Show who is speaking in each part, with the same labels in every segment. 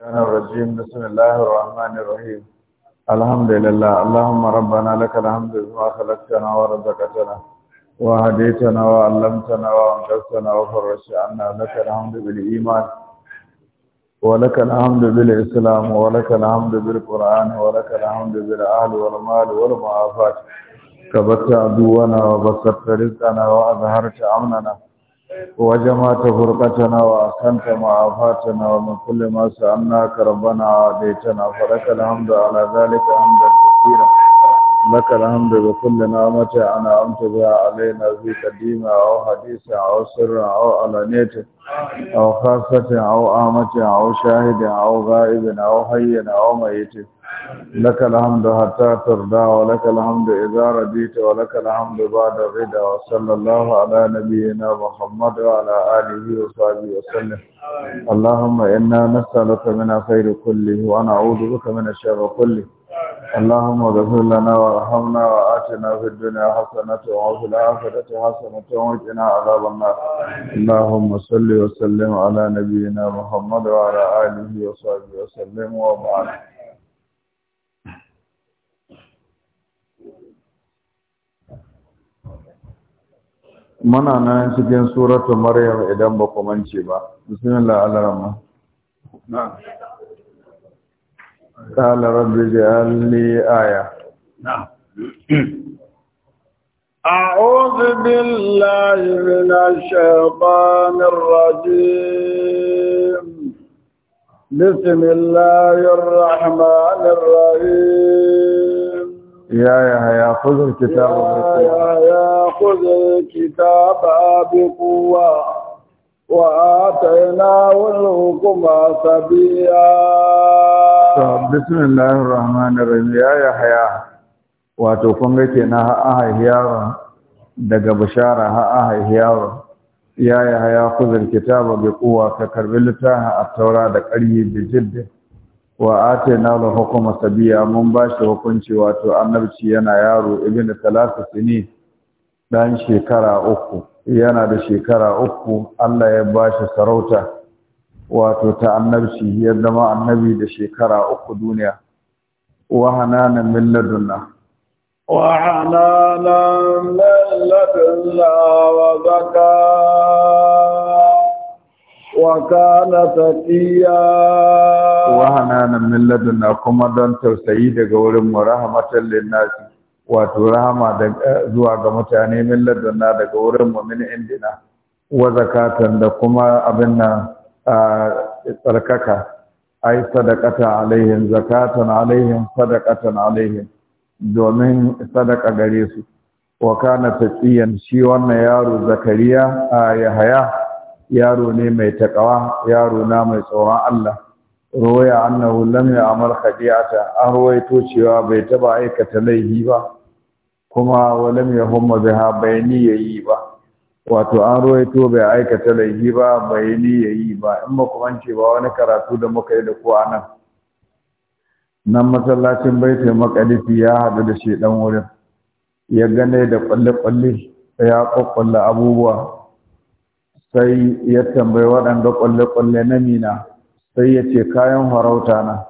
Speaker 1: الشيطان الرجيم بسم الله الرحمن الرحيم الحمد لله اللهم ربنا لك الحمد بما خلقتنا ورزقتنا وهديتنا وعلمتنا وانقذتنا وفرجت عنا لك الحمد بالايمان ولك الحمد بالاسلام ولك الحمد بالقران ولك الحمد بالاهل والمال والمعافاه كبت عدونا وبسطت رزقنا واظهرت امننا وجمعت فرقتنا وأحسنت معافاتنا ومن كل ما سألناك ربنا عاديتنا فلك الحمد على ذلك حمدا كثيرا لك الحمد بكل نعمة أنعمت بها علينا في قديمة أو حديثة أو سر أو علانية أو خاصة أو آمة أو شاهد أو غائب أو حي أو ميت لك الحمد حتى ترضى ولك الحمد إذا رضيت ولك الحمد بعد الرضا وصلى الله على نبينا محمد وعلى آله وصحبه وسلم اللهم إنا نسألك من الخير كله ونعوذ بك من الشر كله اللهم اغفر لنا وارحمنا وآتنا في الدنيا حسنة وفي الآخرة حسنة وقنا عذاب النار اللهم صل وسلم على نبينا محمد وعلى آله وصحبه وسلم وبارك muna nan cikin suratu maryam idan ba ku mance ba bismillah al na na'am qala rabbi ij'al li aya na
Speaker 2: أعوذ بالله من الشيطان الرجيم بسم الله الرحمن الرحيم يا يا خذ الكتاب يا خذ الكتاب بقوة وآتيناه الحكم صبيا
Speaker 1: بسم الله الرحمن الرحيم يا يحيى wato kun ga kenan ha a haihi yaron daga bishara ha a haihi yaron ya yi haya kuzin kitaba bai kowa ka karbi littafin a taura da ƙaryi da jiddin wa na la hukuma sabiya mun ba shi hukunci wato annabci yana yaro ibnu talata sini dan shekara uku yana da shekara uku Allah ya ba shi sarauta wato ta annabci ya zama annabi da shekara uku duniya wa hananan min ladunna
Speaker 2: wa hananan min ladunna wa zakaa وكان تقيا
Speaker 1: وهنانا من لدنا كما دون توسعي daga wurin mu rahmatan linnas wato rahama zuwa ga mutane min ladunna daga wurin mu min indina wa zakatan da kuma abin nan tsarkaka ai sadaqata alaihim zakatan alaihim sadaqatan alaihim domin sadaka gare su wa kana taqiyan shi yaro zakariya a yahaya yaro ne mai taƙawa, yaro na mai tsoron Allah roya annahu lam ya'mal khadi'ata an ruwaito cewa bai taba aikata laifi ba kuma walam yahumma biha bai yayi ba wato an ruwaito bai aikata laifi ba bai yayi ba in ba kuma ce ba wani karatu da muka yi da ku anan nan masallacin baitul maqdis ya hadu da shedan wurin ya gane da kwalle kwalle ya kokkolla abubuwa sai ya tambayi waɗanda ƙwalle-ƙwalle na mina sai ya ce kayan harauta na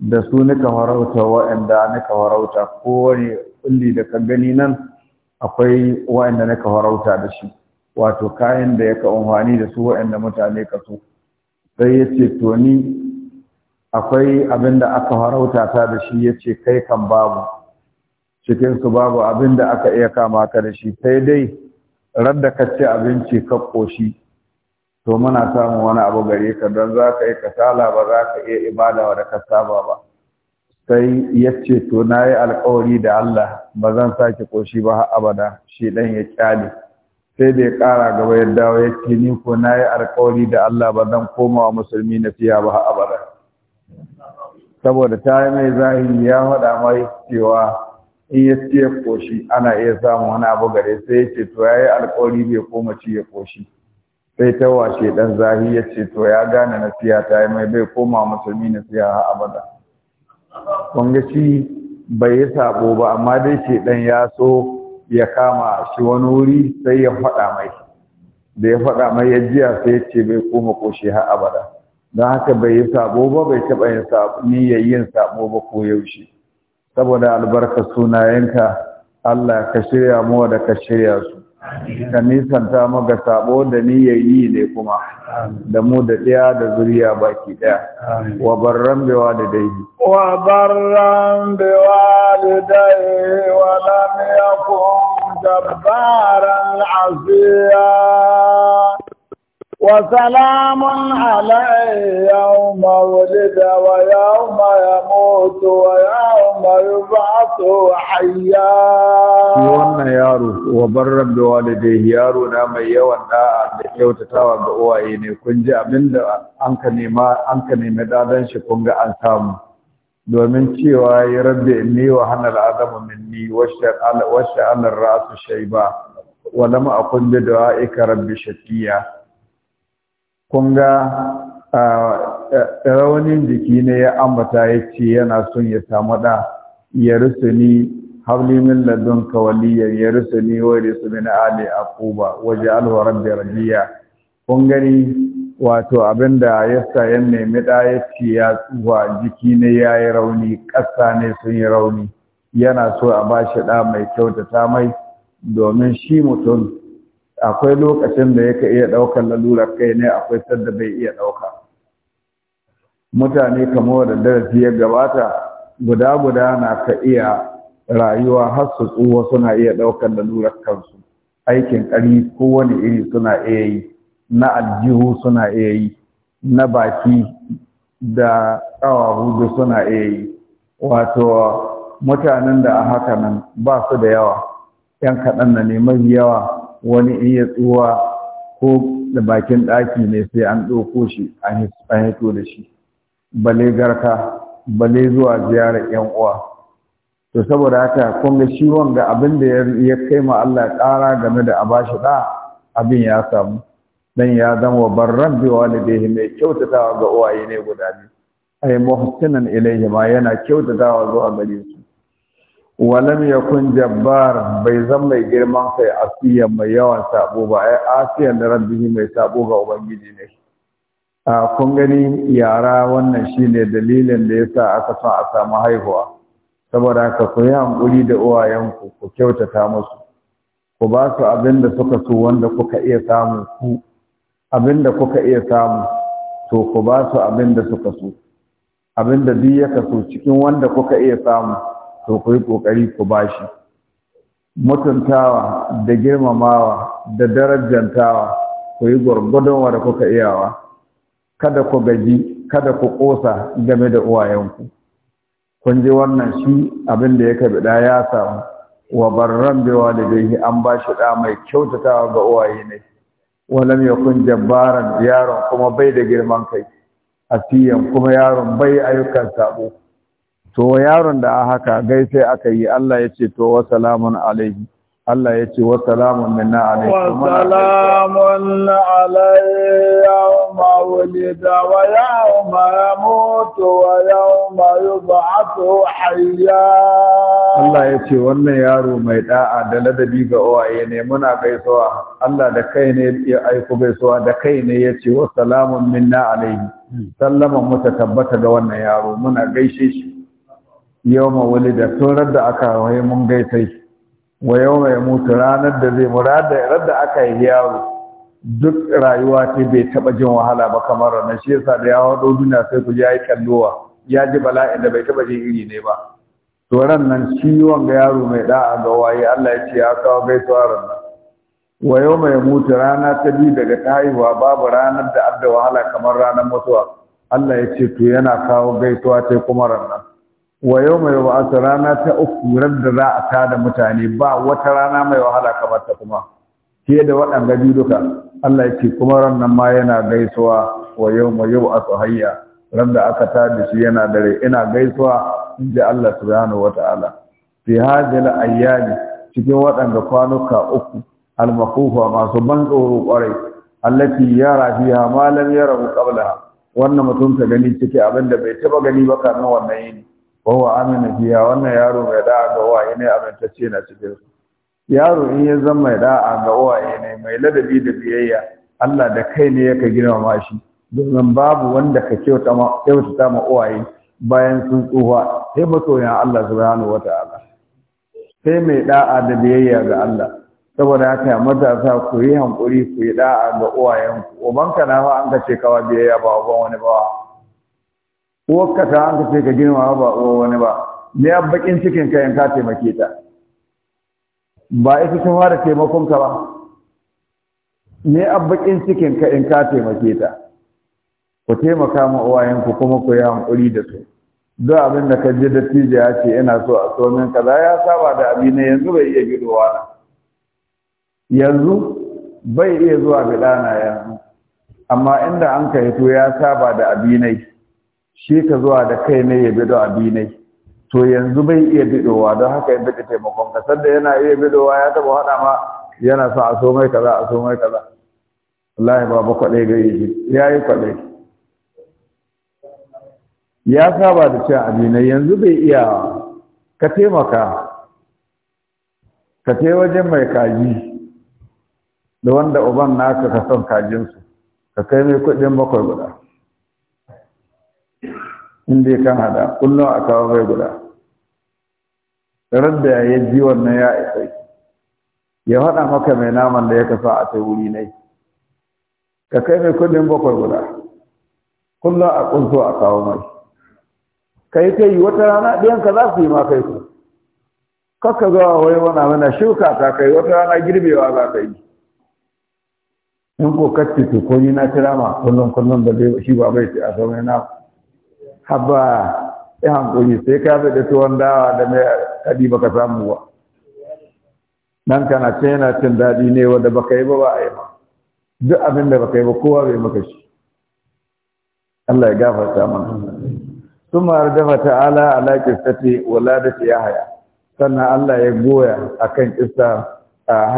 Speaker 1: da su nika harauta waɗanda nika harauta kowane ƙulli da ka gani nan akwai waɗanda nika harauta da shi wato kayan da ya ka amfani da su waɗanda mutane ka so sai ya ce to akwai abin da aka harauta ta da shi ya ce kai kan babu cikinsu babu abin da aka iya kama ka da shi sai dai radda ka ci abinci ka ƙoshi, to muna samun wani abu gare ka don za ka yi kasala ba za ka iya ibada wa da ka saba ba sai ya ce to na yi alkawari da Allah ba zan sake ƙoshi ba har abada shi ɗan ya kyale sai da ya ƙara gaba ya dawo ya ce ni ko na yi alkawari da Allah ba zan koma musulmi na fiya ba har abada saboda ta yi mai zahiri ya faɗa mai cewa in ya ci koshi ana iya samun wani abu gare sai ya ce to ya yi alkawari bai koma ci ya koshi sai ta washe dan zahi ya ce to ya gane siya ta yi mai bai koma musulmi na siya a abada kun shi bai yi sabo ba amma dai ce dan ya so ya kama shi wani wuri sai ya faɗa mai da ya faɗa mai ya jiya sai ya ce bai koma koshi ha abada don haka bai yi sabo ba bai taɓa yin sabo ba ko yaushe saboda albarkar sunayenka Allah ka shirya mu da ka shirya su ka nisanta mu ga sabo da niyyar yi ne kuma da mu da ɗaya da zuriya baki ɗaya wa barran bi walidayhi
Speaker 2: wa barran bi walidayhi wa lam yakun jabbaran وسلام علي يوم ولد ويوم يموت ويوم يبعث حيا wannan
Speaker 1: yaro wa barran da walidai yaro na mai yawan da'a da kyautatawa ga uwaye ne kun ji abinda an an ka nemi dadan shi kun ga an samu domin cewa ya rabbi inni wa adamu minni wa sha'al wa sha'al ar-ra'su shayba wa lam akun bi du'aika rabbi shaqiya kun ga raunin jiki ne ya ambata ya ce yana son ya samu ɗa ya ni hauli min ladun kawaliyar ya ni wa rusa min ali kuba waje alwaran da rajiya kun gani wato abinda da ya sa ya nemi ɗa ya ce ya tsuwa jiki ne ya yi rauni ƙasa ne sun yi rauni yana so a ba shi ɗa mai kyautata mai domin shi mutum akwai lokacin da yake iya ɗaukar lalurar kai ne akwai sadda bai iya ɗauka mutane kamar da darasi ya gabata guda guda na ka iya rayuwa har su tsuwa suna iya ɗaukar lalurar kansu aikin ƙari kowane iri suna iya yi na aljihu suna iya yi na baki da tsawa hudu suna iya yi wato mutanen da a haka nan ba su da yawa ‘yan kaɗan na neman yawa wani iya tsuwa ko da bakin ɗaki ne sai an ɗauko shi an hito da shi bale garka bale zuwa ziyarar yan uwa to saboda haka kun ga shi wanga abin da ya kai ma Allah ƙara game da a bashi da abin ya samu dan ya zama wa barran bi walidayhi mai kyautatawa ga uwaye ne guda biyu Ai muhsinan ilayhi ma yana kyautatawa zuwa gare su walam kun jabbar bai zan mai girman kai asiya mai yawan sabo ba ai asiya da rabbi mai sabo ga ubangiji ne a kun gani yara wannan shine dalilin da yasa aka san a samu haihuwa saboda ka ku yi hankuri da uwayenku ku kyautata musu ku ba su abin da suka so wanda kuka iya samu ku abin da kuka iya samu to ku ba su abin da suka so abin da duk ya kaso cikin wanda kuka iya samu to ku yi ƙoƙari ku ba shi mutuntawa da girmamawa da darajantawa ku yi wa da kuka iyawa kada ku gaji kada ku ƙosa game da uwayenku kun ji wannan shi abin da ya kabi da ya samu wa barran bi da an bashi shi mai kyautatawa ga uwaye ne walam yakun jabbaran yaron kuma bai da girman kai asiyan kuma yaron bai ayyukan sabo to yaron da haka gaisai aka yi Allah ya ce to wasalamun alaihi Allah ya ce wasalamun minna alaihi Wasalamun salamun alaihi yawma wulida wa yawma
Speaker 2: yamutu wa yawma yub'athu hayya
Speaker 1: Allah ya ce wannan yaro mai da'a da ladabi ga uwaye ne muna gaisuwa Allah da kai ne ya aiko gaisuwa da kai ne ya ce wasalamun minna alaihi sallama mu ta tabbata ga wannan yaro muna gaishe shi yau wali da tun da aka waye mun gaisai wa yau mai mutu ranar da zai murada radda aka yi yaro duk rayuwa ce bai taɓa jin wahala ba kamar ranar shi yasa da ya hado duniya sai ku ji yi kalluwa, ya ji bala'in da bai taɓa jin iri ne ba to ran nan shi wanga yaro mai da'a ga waye Allah ya ce ya kawo gaisuwa ran nan wa yau mai mutu rana ta biyu daga ta haihuwa babu ranar da adda wahala kamar ranar mutuwa Allah ya ce to yana kawo gaisuwa sai kuma ran wa yau mai wa'asa rana ta uku da za a tada mutane ba wata rana mai wahala kamar ta kuma ke da waɗanda biyu duka Allah ya ce kuma rannan ma yana gaisuwa wa yau mai yau a hayya ran da aka tada shi yana dare ina gaisuwa in ji Allah subhanahu ta'ala fi hadhihi Ayyani, cikin waɗanda kwanuka uku almakufa masu ban tsoro kwarai allati yara fiha ma lam yarahu qablaha wannan mutum ta gani cike abinda bai taɓa gani ba kamar wannan yini wawa amina biya wannan yaro mai da'a ga uwaye ne amintacce na cikin su yaro in ya zama mai da'a ga uwaye ne mai ladabi da biyayya Allah da kai ne yaka girmama shi domin babu wanda ka kyauta ma uwaye bayan sun tsufa sai masoyan Allah subhanahu wata'ala sai mai da'a da biyayya ga Allah saboda haka matasa ku yi hankuri ku yi da'a ga uwayenku ubanka na ma an ka ce kawa biyayya ba uban wani bawa uwarka ta an ce ka girma ba uwa wani ba ne ya bakin cikin ka yanka taimake ta ba ita sun fara taimakon ka ba ne ya bakin cikin ka in ka taimake ta ku taimaka ma uwayenku kuma ku yi hankuri da su duk abin da ka je tije ya ce ina so a so min kaza ya saba da abi ne yanzu bai iya gidowa na yanzu bai iya zuwa ga ɗana yanzu amma inda an ka hito ya saba da abinai shi ka zuwa da kai ne ya bido abinai to yanzu bai iya bidowa don haka ya ka taimakon ka sanda yana iya bidowa ya taba hada ma yana sa a somai kaza a somai kaza wallahi ba kwaɗe ga yi ya yi kwaɗe ya saba da cewa abinai yanzu bai iya ka taimaka ka te wajen mai kaji da wanda uban naka ka son kajinsu ka kai mai kuɗin bakwai guda inda dai kan hada kullum a kawo bai guda da ya ji wannan ya isa ya faɗa maka mai naman da ya kasa a ta wuri nai ka kai mai kudin bakwai guda kullum a kunso a kawo mai kai ta yi wata rana ɗiyanka za su yi ma kai ku kakka zuwa wai wana mana shuka ta kai wata rana girbewa za ka yi in ko kacce ko ni na kira ma kullum kullum da shi ba bai ce a sauran na haba ya hankuri sai ka da tuwon dawa da mai kadi baka samu ba nan kana ce yana cin daɗi ne wanda baka yi ba ba a yi ba duk abin da baka yi ba kowa bai maka shi Allah ya gafarta mana ثم أردف تعالى على قصة ولادة يحيى سنة الله يقوي أكن قصة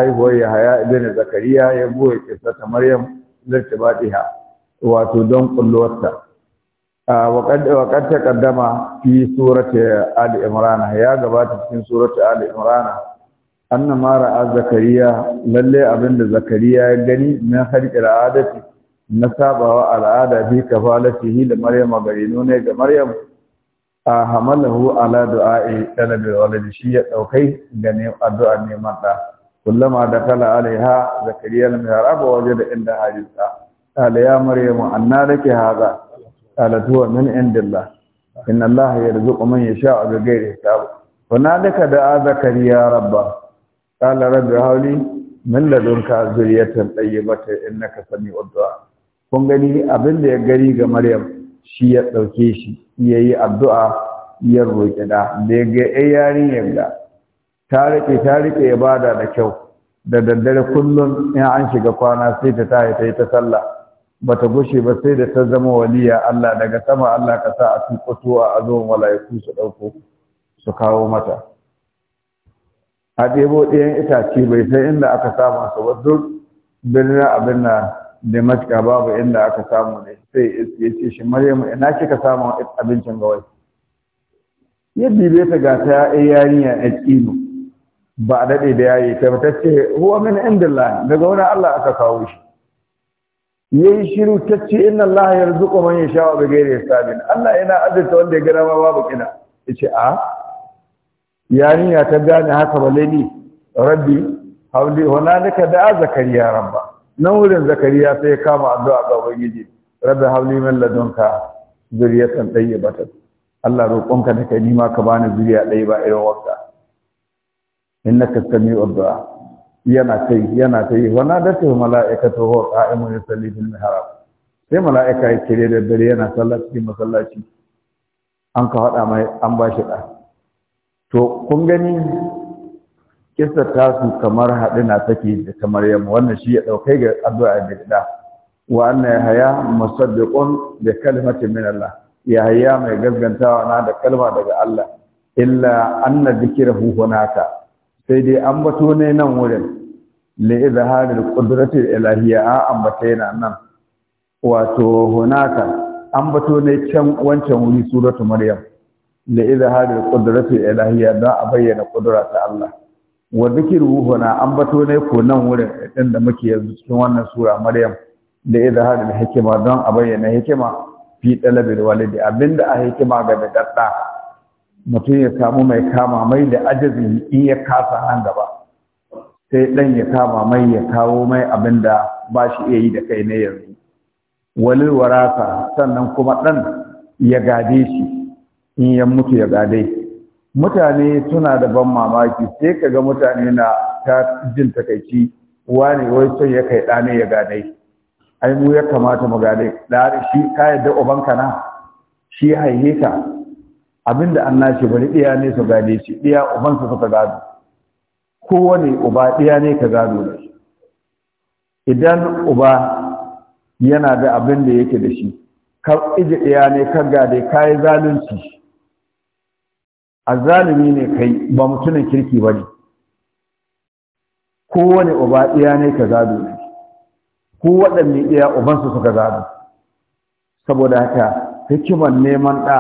Speaker 1: هو يحيى ابن زكريا يقوي قصة مريم لارتباطها وتدوم قلوتها Ah, waƙar taƙaddama fi surata Ali Imran ya gabata cikin surata Ali Imran anna mara ra'a Zakariya lalle abinda Zakariya ya gani na harƙi al'adati na sabawa al'ada fi kafalatihi da Maryam garino ne ga Maryam a ah, hamalahu ala e talabi walad shi ya daukai da ne addu'a neman da kullama dakala alaiha Zakariya al-mihrab wajada inda hadisa qala ya Maryam anna laki qalat huwa min indillah inna allaha yarzuqu man yasha'u bighairi hisab hunalika da'a zakariya rabba qala rabbi hawli min ladunka zuriyatan tayyibata innaka sami'ud du'a kun gani abin da ya gari ga maryam shi ya dauke shi yayi addu'a ya roƙi da da ga yarinyar da ta rike ya bada ibada da kyau da daddare kullum in an shiga kwana sai ta tayi ta sallah bata gushe ba sai da ta zama waliya Allah daga sama Allah ka sa a tukuto a azon mala'iku su ɗauko su kawo mata a ɗebo ɗayan itace bai sai inda aka samu su ba duk birnin abin na da babu inda aka samu ne sai ya ce shi maryamu ina kika samu abincin gawai yadda bai ta ya yi yarinya a kino ba a daɗe da yayi ta ce huwa min indillah daga wani Allah aka kawo shi yayi shiru ce inna Allah yarzuqu man yasha bi ya sami. Allah yana azurta wanda ya gara ma babu kina ce a ya ta gane haka ba ni rabbi wana hunalika da zakariya rabba nan wurin zakariya sai ya kama addu'a ga ubangiji rabbi hawli min ladunka zuriyatan tayyibatan Allah roƙonka da kai nima ka bani zuriya ɗaya ba irin wakka innaka sami'ud du'a yana ta yi yana ta yi wannan da ta mala'ika ta hau ƙa'imun ya yi mihrab sai mala'ika ya kire da dare yana sallah cikin masallaci an ka haɗa mai an ba shi ɗa to kun gani kisa ta su kamar na take da kamar yamma wannan shi ya ɗaukai ga addu'a da gida wa anna yahya musaddiqun da kalimatin min Allah yahya mai gaskantawa na da kalma daga Allah illa anna dhikrahu hunaka sai dai an bato ne nan wurin li izharil qudrati ilahiyya a ambata yana nan wato hunaka ambato ne can wancan wuri suratu maryam li izharil qudrati ilahiyya da a bayyana kudura ta Allah wa dhikru huna ambato ne ko nan wurin da muke yanzu cikin wannan sura maryam da izharil hikima dan a bayyana hikima fi talabil walidi abinda a hikima ga dadda mutum ya samu mai kama mai da ajazin in ya kasa nan gaba sai ɗan ya kama mai ya kawo mai abin da ba shi iya yi da kai na yanzu walil warasa sannan kuma ɗan ya gade shi in ya mutu ya gade mutane suna da ban mamaki sai ka ga mutane na ta jin takaici wani wai son ya kai ɗane ya gade ai mu ya kamata mu gade da shi ka yadda ubanka na shi haihe ka abinda an nashi bari ɗiya ne su gade shi ɗiya ubansa suka gado kowane uba ɗaya ne ka gano da shi idan uba yana da abin da yake da shi ka iji ɗaya ne ka gade ka yi zalunci a zalumi ne kai ba mutumin kirki ba ne kowane uba ɗaya ne ka gado da shi ko waɗanne ɗaya ubansu suka gado saboda haka hikimar neman ɗa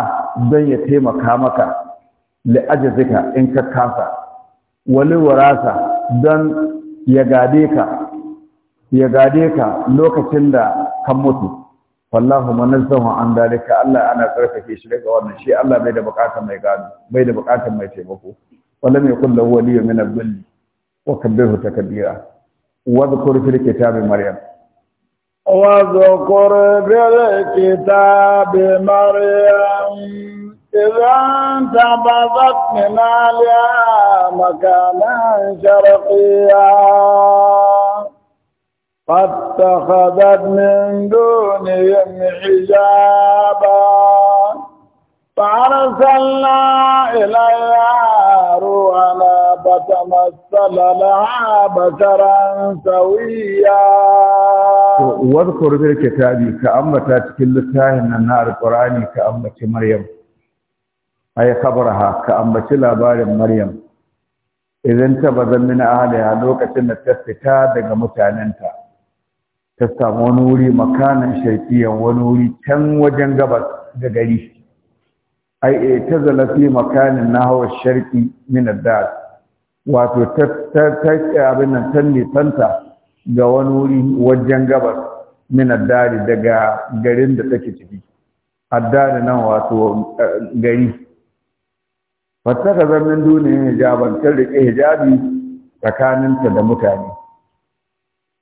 Speaker 1: don ya taimaka maka la'ajazika in ka kasa wani warasa don ya gade ka ya gade ka lokacin da kan mutu wallahu manazzahu an dalika Allah ana tsarkake shi daga wannan shi Allah bai da bukatar mai gado bai da bukatar mai taimako wala mai kullu waliyu min al-dhilli wa ta takbira wa dhkur fil kitabi maryam
Speaker 2: wa dhkur fil kitabi maryam إذا انتبذت من عليا مكانا شرقيا فاتخذت من دونهم حجابا فأرسلنا إليها روحنا فتمثل لها بشرا سويا
Speaker 1: واذكر بالكتاب كأمة تكلتها إن النار قراني كأمة مريم ai khabaraha ka ambaci labarin maryam idan ta bazan min a lokacin da ta fita daga mutanenta ta samu wani wuri makanan shaytiyan wani wuri can wajen gabas da gari ai ta zala fi makanin nahwa sharqi min ad-dar wato ta ta abin nan ne nisanta ga wani wuri wajen gabas min ad daga garin da take ciki ad-dar nan wato gari fattaka zannin duniya hijaban ta riƙe hijabi tsakaninta da mutane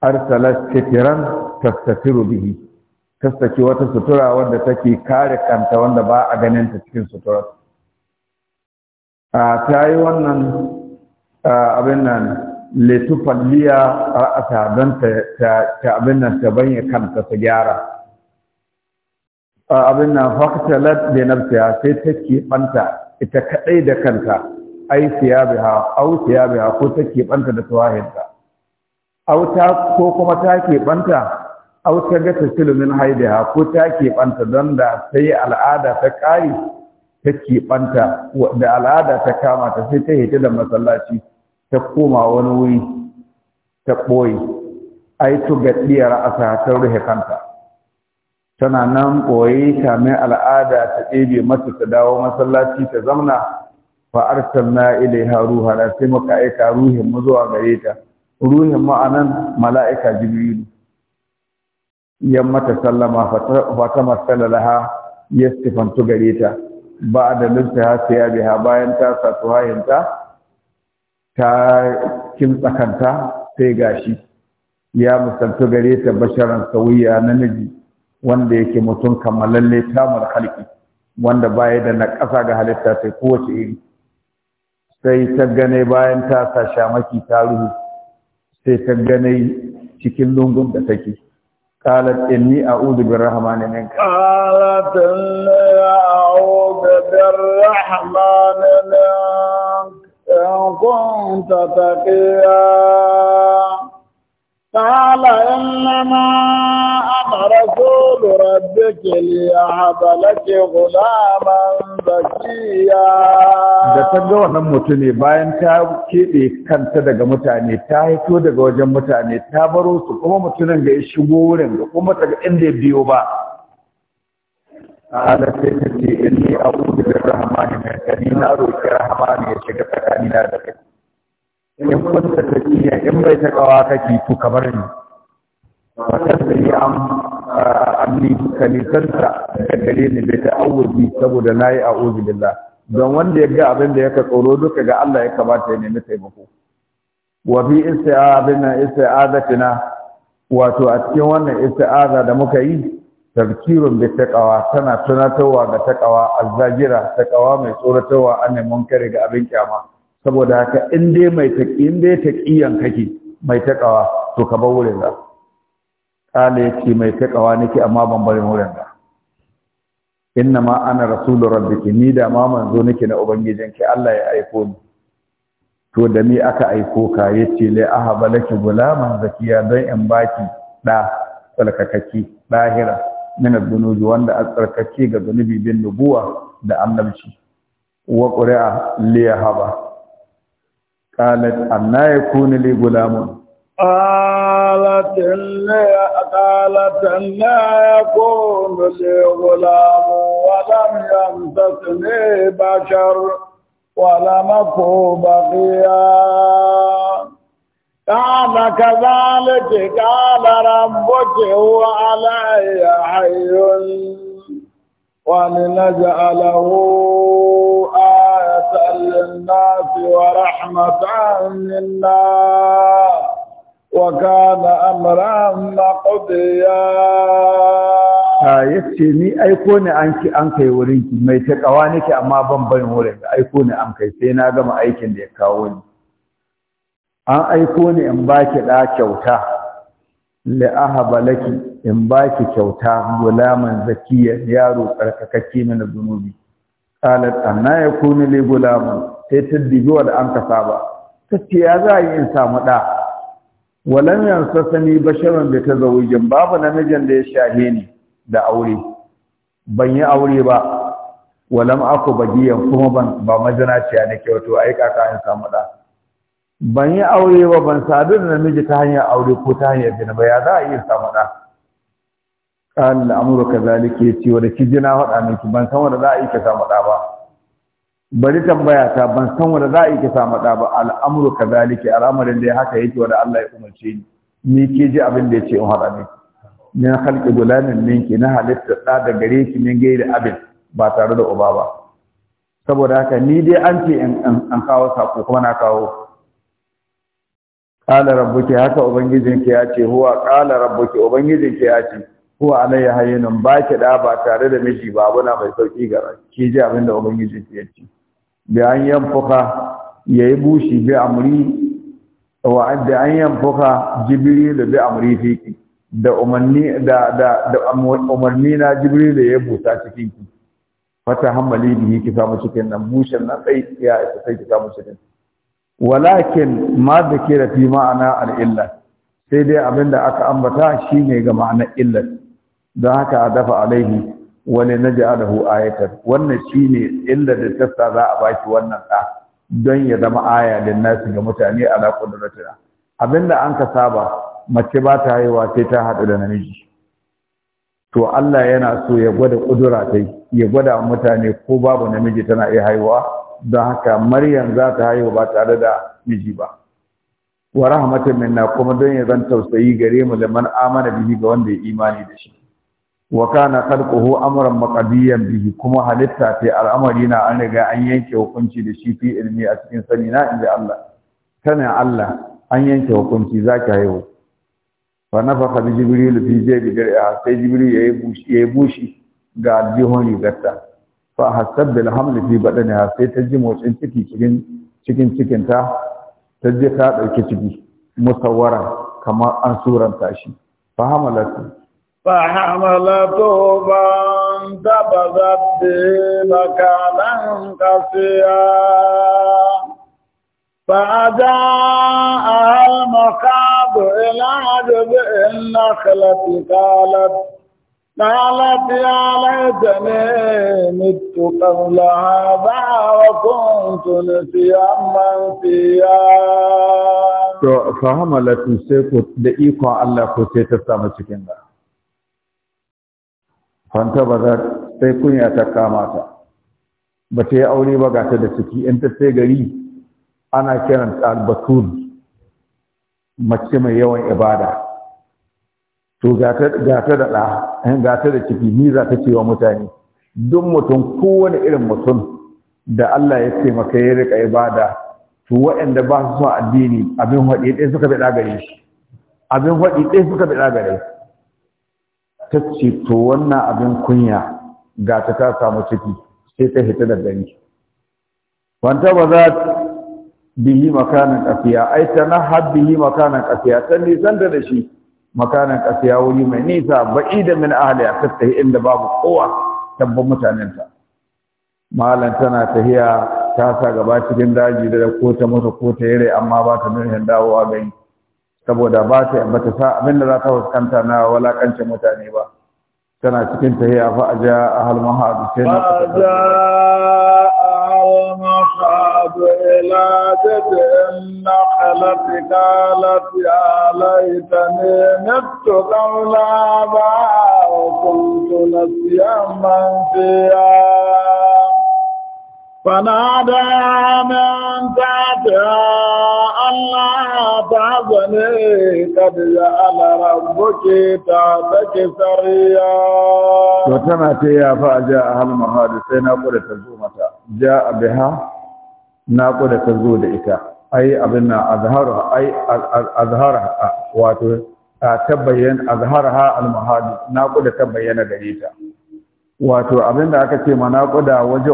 Speaker 1: arsalat sitiran tastatiru bihi ta saki wata sutura wadda take kare kanta wanda ba a ganin ta cikin suturar a ta yi wannan abin nan letufalliya ra'ata don ta abin nan ta banye kanta ta gyara abin nan faktalat da nafsiya sai take fanta ita kaɗai da kanta ai biya au biya ko ta keɓanta da tawahinta au ta ko kuma ta keɓanta au ta ga tasilumin haidiha ko ta keɓanta don da sai al'ada ta ƙari ta keɓanta da al'ada ta kama ta sai ta hita da masallaci ta koma wani wuri ta ɓoye ai to gaɗiyar asa ta rufe kanta tana nan ɓoye kamin al'ada ta ɗebe mata ta dawo masallaci ta zamna fa'artar na ilaiha ruha sai muka aika ruhin mu zuwa gare ta ruhin mu anan mala'ika jibrilu yan mata sallama fata masala ha, ya sifantu gare ta ba da linta ha sai ya biha bayan ta sa tuhahinta ta kin tsakanta, sai gashi ya musantu gare ta basharan sauya namiji wanda yake mutum kammalalle tamar halki wanda baya da na ƙasa ga halitta ta kowace iri sai ta gane bayan ta sa shamaki ta ruhu sai ta gane cikin lungun da take قالت إني أعوذ بالرحمن منك
Speaker 2: قالت إني أعوذ بالرحمن منك إن كنت تقيا قال إنما رسول ربك ليهب لك غلاما
Speaker 1: زكيا da ta ga wannan mutune bayan ta keɓe kanta daga mutane ta haito daga wajen mutane ta baro su kuma mutumin da ya shigo wurin da kuma daga inda ya biyo ba a sai ta ce inni a'udhu rahama ne mai kani na rahama ne ya shiga tsakanina da kai in kun ta tafiya in bai ta kawa kake to kamar ni فقد يعم ni bai كدليني saboda na yi a don wanda ya ga abin da ya yaka tsoro duka ga Allah ya kamata ya nemi taimako wa fi isti'azina isti'azatina wato a cikin wannan isti'aza da muka yi tafkirun bi taqwa tana tunatarwa ga taqwa azzajira taqwa mai tsoratarwa an munkari ga abin kyama saboda haka in dai mai taqi in dai taqiyan kake mai taƙawa to ka bar wurin ya ce mai takawa nake amma ban bari wurin da inna ma ana rasulur rabbiki ni da ma manzo nake na ubangijin ki Allah ya aiko ni to da ni aka aiko ka yace lai aha balaki gulaman zakiya don in baki da tsalkakaki dahira mina zunubi, wanda tsarkake ga zunubi bin nubuwa da annabci wa qur'a li yahaba qalat anna yakunu li gulamun
Speaker 2: قالت لي قالت لا يكون لي غلام ولم يمسسني بشر ولم اكو بغيا قال كذلك قال ربك هو علي حي ولنجعله آية للناس ورحمة منا وكان أمرا مقضيا
Speaker 1: ce, ni aiko ne an ki an kai wurin ki mai ta kawa nake amma ban ban wurin aiko ne an kai sai na gama aikin da ya kawo ni an aiko ne in baki da kyauta la ahaba laki in baki kyauta gulaman zakiya yaro karkakakke mana zunubi qalat anna yakunu li gulaman sai ta dibi an kasaba tace ya za yi in samu da walan yansasani basharan bi tazawujin babu namijin da ya shahe ni da aure ban yi aure ba walam aku bagiyan kuma ban ba majinaciya nake wato ai kaka an samu da ban yi aure ba ban sadu da namiji ta hanyar aure ko ta hanyar jina ba ya za a iya samu da kan al'amuru kazalika yace wa da kijina hada miki ban san wanda za a yi ka samu da ba bari tambaya ta ban san wanda za a yi kisa samu ba al'amuru ka zalike al'amarin da ya haka yake wanda Allah ya umarce ni ni ke ji abin da ya ce in haɗa ne na halƙi gulamin ninki, na halitta ɗa da gare ki min gairi abin ba tare da uba ba saboda haka ni dai an ce an kawo sako kuma na kawo ƙala rabbuki haka ubangijinki ya ce huwa ƙala rabbuki ubangijinki ya ce huwa alayya hayyinun ba ki da ba tare da miji ba na mai sauki ga ki ji abin da ubangijinki ya ce da an yanfuka ya yi bushi bi amri wa da an yanfuka jibril bi amri fiki da umarni da da da na jibril ya busa cikin ki fata hammali bihi ki samu cikin nan bushin nan sai ya sai ki samu cikin walakin ma da ke da fi ma'ana al'illa sai dai abinda aka ambata shine ga ma'anar illar don haka a dafa alaihi wani na ja'alahu ayatan wannan shine illa da tasta za a baki wannan da don ya zama aya lin nasi ga mutane ala qudratina abinda an ka saba mace ba ta haihuwa sai ta haɗu da namiji to Allah yana so ya gwada kudura ta ya gwada mutane ko babu namiji tana iya haihuwa don haka Maryam za ta haihu ba tare da miji ba wa rahmatin minna kuma don ya zan tausayi gare mu da man amana bihi ga wanda ya imani da shi wa kana khalquhu amran maqdiyan bihi kuma halitta ce al'amari na an riga an yanke hukunci da shi fi ilmi a cikin sani na inda Allah kana Allah an yanke hukunci zaki haihu fa nafaka bi jibril fi jabi dir'a sai jibril yayi bushi yayi bushi ga jihoni rigarta fa hasab bil haml fi ha sai ta ji motsin ciki cikin cikin cikin ta ta je ta dauki ciki musawwara kamar an suranta shi fa hamalatu
Speaker 2: فحملته فانتبذت به مكانا قصيا فأجاء المخاض إلى جذع النخلة قالت قالت يا ليتني مت قبل هذا وكنت نسيا منسيا
Speaker 1: فحملته سيكون لإيقاع الله كنت تسامح fanta ba za sai kunya ta kama ta ba ta yi aure ba gata da ciki in ta sai gari ana kiran ta mace mai yawan ibada to gata da ɗa eh, gata da ciki ni za ta ce wa mutane duk mutum kowane irin mutum da Allah ya taimaka ya rika ibada to waɗanda ba su son addini abin haɗi ɗaya suka bi ɗagare shi abin haɗi ɗaya suka bi ɗagare shi ta ce to wannan abin kunya ga ta ta samu ciki sai ta hita da gani wanta ba za bihi makanan kafiya ai ta na habbihi makanan kafiya ta nisan da shi makanan kafiya wuri mai nisa ba'i da min ahli a yi inda babu kowa tabbar mutanenta malam tana tahiya ta sa gaba cikin daji da ko ta mutu ko ta yare amma ba ta nuna dawowa gani saboda ba ta bata sa abin da za ta fuskanta na walakancin mutane ba tana cikin tahiya fa aja ahal mahadu sai na
Speaker 2: aja ahal mahadu ila na inna kalafi, kalati alaita ne naftu qawla ba na nasiyan man fiya فنادى من تحتها الله تعبني قد جعل ربك تعبك سريا
Speaker 1: وتنا تيا فأجاءها المهاد سينا قد تزومة جاء بها ناقد تزود إتا أي أبنا أظهرها أي أظهرها واتو تبين أظهرها المهاد ناقد تبين غريتا wato abin da aka ce manaƙuda waje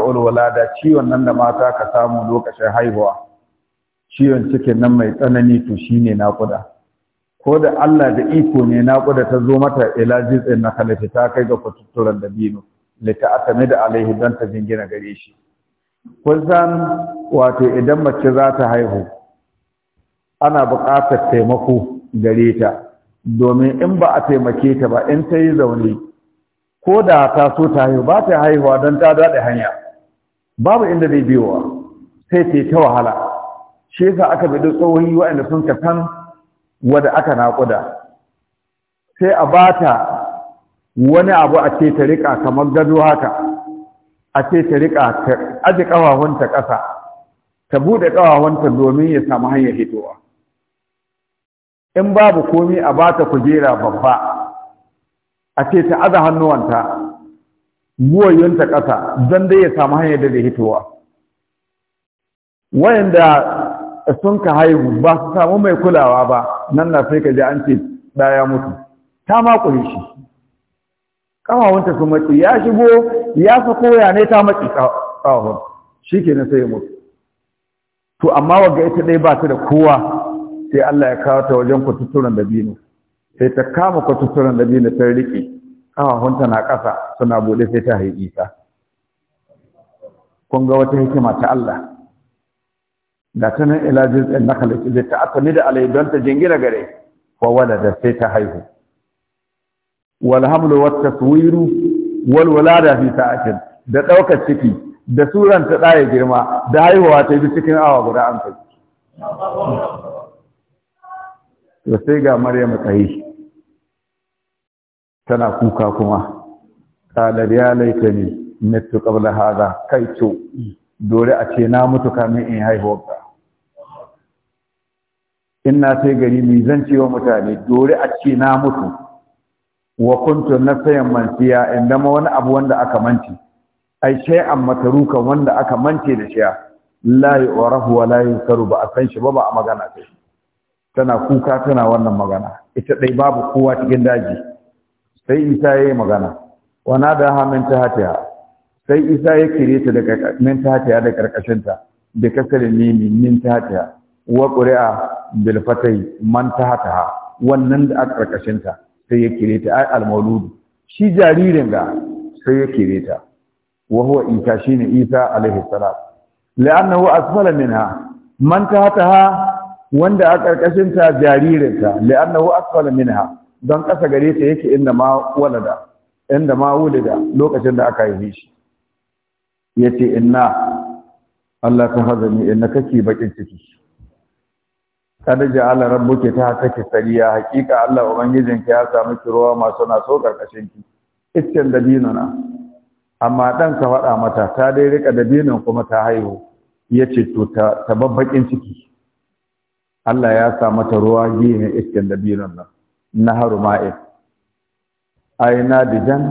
Speaker 1: da ciwon nan da mata ka samu lokacin haihuwa ciwon cikin nan mai tsanani to shine naƙuda ko da Allah da iko ne naƙuda ta zo mata ila jitsin na kalafi ta kai ga kututturan da bino lita atame da alaihi don ta jingina gare shi san wato idan mace za ta haihu ana buƙatar taimako gare ta domin in ba a taimake ta ba in ta yi zaune ko da ta so ta haihu ba ta haihuwa don ta daɗe hanya babu inda zai biyowa sai ce ta wahala shi yasa aka bidi tsohi waɗanda sun ka san wadda aka naƙuda sai a ba ta wani abu a ce ta riƙa kamar gado haka a ce ta riƙa ta aji ƙawahunta ƙasa ta buɗe ƙawahunta domin ya samu hanyar hitowa in babu komi a ba ta kujera babba a ce ta aza hannuwanta buwayyunta ƙasa don dai ya samu hanyar da zai hitowa wayanda sun ka haihu ba su samu mai kulawa ba nan na sai ka ji an ce ɗaya mutu ta makure shi ƙawawunta su matsi ya shigo ya fi koya ne ta matsi ƙawawun shi ke na sai mutu to amma waga ita ɗaya ba ta da kowa sai Allah ya kawo ta wajen kututturan dabino sai ta kama kwatuturan biyu ta riƙe ƙafafunta na ƙasa suna buɗe sai ta haifi isa kun ga wata hikima ta Allah da ta nan ilajin tsaye na halittu da ta asali da alai don ta jingina gare wa da sai ta haihu wal wata taswiru wal walada fi sa'atin da ɗaukar ciki da suran ta ɗaya girma da haihuwa ta bi cikin awa guda an kai to sai ga maryam ta tana kuka kuma ƙalar ya laitani mittu haza kai kaitu dore a ce na mutu kamin in haihuwa ina na sai gari mai zan ce wa mutane dore a ce na mutu wa kuntu sayan ya in ma wani abu wanda aka manci ai an mataruka wanda aka mance da shi la warahu wa la karu ba a san shi ba ba a magana sai tana kuka tana wannan magana ita dai babu kowa cikin daji sai isa ya yi magana wana da ha min tahatiha sai isa ya kire ta daga min tahatiha da karkashin Da bi kasarin mimi min tahatiha wa qur'a bil fatai man tahataha wannan da a karkashin sai ya kire ta ai al maulud shi jaririn ga sai ya kire ta wa huwa isa shine isa alaihi salam la'annahu asfala minha man tahataha wanda a karkashin ta jaririn ta la'annahu asfala minha don ƙasa gare ta yake inda ma walada inda ma wulida lokacin da aka haife shi yace inna Allah ta hazani inna kake bakin ciki kada rabu ke ta tsari, sariya hakika Allah ubangijinka ya samu kirowa masu na so karkashin ki iccen dabino na amma dan ka faɗa mata ta dai rika dabinon kuma ta haihu yace to ta babbakin ciki Allah ya sa mata ruwa gine iccen dabinon nan nahar ma'in ai dijan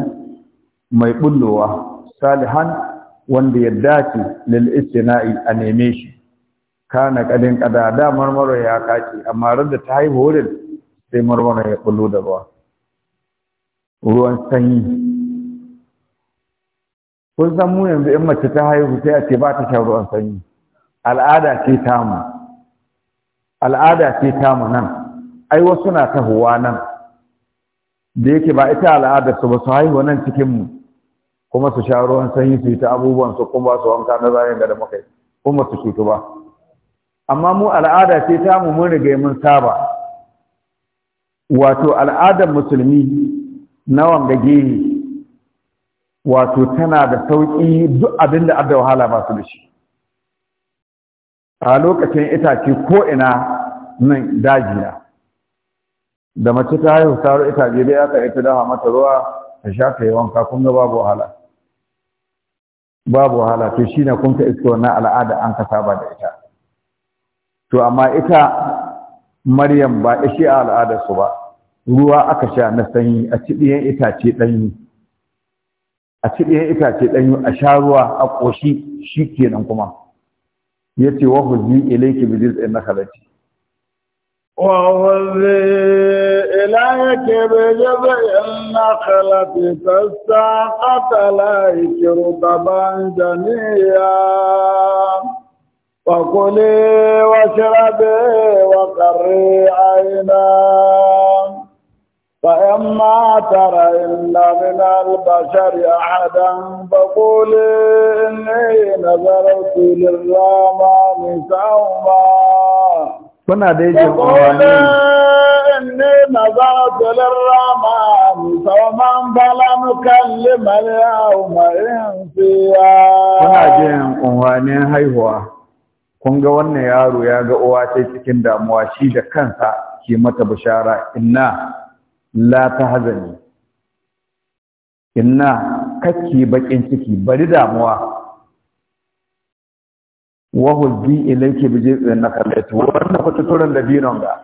Speaker 1: mai bullowa salihan wanda ya dace lil istina'i a neme shi kana kadin kada da marmaro ya kaci amma da ta haihu wurin sai marmaro ya bullo da ruwa ruwan sanyi kun san mu yanzu in mace ta haihu sai a ce ba ta shan ruwan sanyi al'ada ce tamu al'ada ce tamu nan ai wasu na tahowa nan da yake ba ita al'adar su ba su haihu nan cikin mu kuma su sha ruwan sanyi su yi ta abubuwan su kuma su wanka na zayen da muka yi kuma su cutu ba amma mu al'ada ce ta mu mun riga mun saba wato al'adar musulmi na gini wato tana da sauƙi duk abin da adda wahala ba su da shi a lokacin itace ko ina nan daji na da mace ta haihu taro itace dai aka ita dawa mata ruwa ta sha ta yi wanka kun ga babu wahala babu wahala to shine kun ka iska wannan al'ada an ka saba da ita to amma ita Maryam ba ishe a al'adarsu ba ruwa aka sha na sanyi a cibiyan itace ɗanyu, a cibiyan itace a sha ruwa a ƙoshi shi kenan kuma Yace ce wa huzi ilaiki bijis in na
Speaker 2: ووزي إليك بِجِذِي النخلة تساقط لَيْكِ رطبا جنيا وَقُلِي واشربي وقري عينا فإما إِلَّا من البشر أحدا فقولي إني لِلَّهَ مَا سوما kuna dai jin إني نظرت umarin kuna jin
Speaker 1: unwanin haihuwa kun ga wannan yaro ya ga uwa ta cikin damuwa shi da kansa ke mata bishara inna la hazani inna kake bakin ciki bari damuwa wahul bi ilayki bi jiz'in nakalati wannan kwata turan da binon ga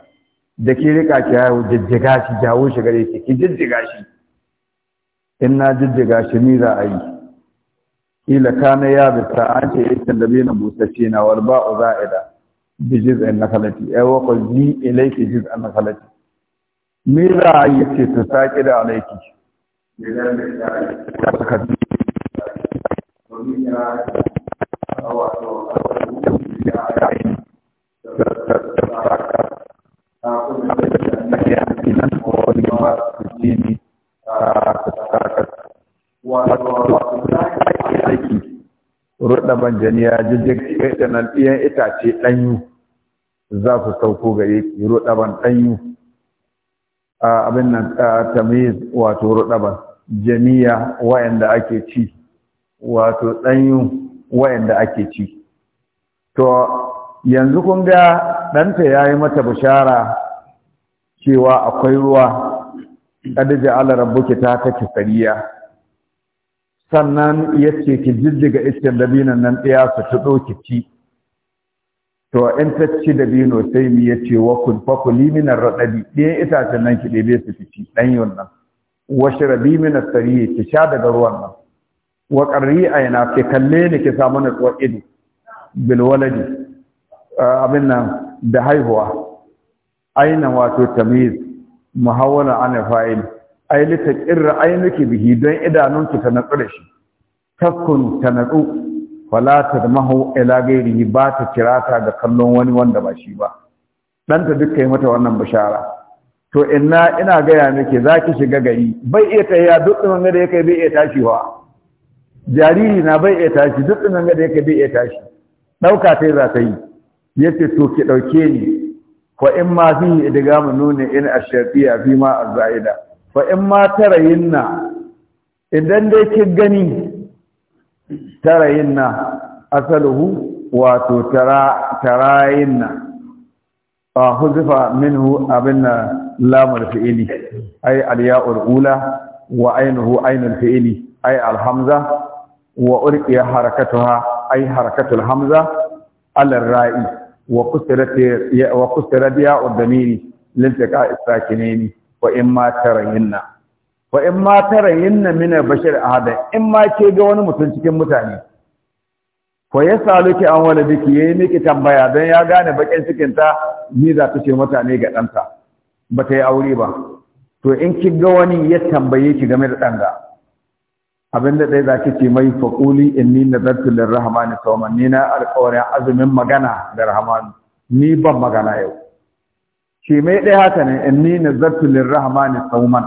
Speaker 1: da ke rika ki yawo jijjiga shi jawo shi gare ki ki jijjiga shi in na jijjiga shi ni za a yi ila kana ya bisa an ce ikin da binon busashe na wal ba'u za'ida bi jiz'in nakalati ay eh, wahul bi ilayki jiz'in nakalati Ni za a yi ce ta saki da alaiki Thank you. ruɗa banjaniya jijjig kai da nan ɗiyan itace ɗanyu za su sauko gare ki ruɗa ban ɗanyu abin nan ta ah, tamiz wato ruɗa ban janiya wayanda ake ci wato ɗanyu wayanda ake ci to yanzu kun ga ɗanta ya yi mata bishara cewa akwai ruwa ƙadija ala Buki ta kake sariya sannan ya ce ki jijjiga iskin dabinan nan ɗaya su ta ki ci to in ta ci dabino sai mi ya ce wa kun fa kuli minar raɗaɗi ɗaya itacen nan ki ɗebe su ci ɗanyon nan wa shirabi minar ki sha daga ruwan nan wa ƙarri yana ki kalle ni ki samu natsuwar ido bilwaladi Ah, abin nan da haihuwa aina wato tamiz muhawwala ana fa'il ai li ai nake bihi don idanunki ta natsure shi takkun ta natsu fala tadmahu ila gairi ba ta kirata ga kallon wani wanda ba shi ba danta duk kai mata wannan bishara to inna ina gaya miki zaki shiga gari bai iya tayya duk tsunan da yake bai iya tashiwa jariri na bai iya tashi duk tsunan da yake bai iya tashi dauka tai za ta yi yace to ki dauke ni fa in ma fi mu nuni in ashaqiya fi ma azaida fa in ma tarayinna idan dai ki gani tarayinna asaluhu wato tara tarayinna a huzifa minhu abinna lamul fi'ili ay al-ya'ul ula wa aynuhu aynul fi'ili ay al-hamza wa urqiya harakatuha ay harakatul hamza al-ra'i wa kusirat ya wa linta ka udamiri lintaqa isakinaini wa in ma na. wa in ma tarayinna bashir bashar ahada in ma ke ga wani mutum cikin mutane fa yasaluki an ya yayi miki tambaya dan ya gane bakin cikin ta ni za ta ce mutane ga ɗanta. bata yi aure ba to in ki ga wani ya tambaye ki game da ɗanga. abin da ɗaya za ki ce mai faƙuli in ni na zartu lir rahmani sauman ni na alƙawarin azumin magana da rahmanu ni ban magana yau shi mai ɗaya haka ne in ni na zartu lir rahmani sauman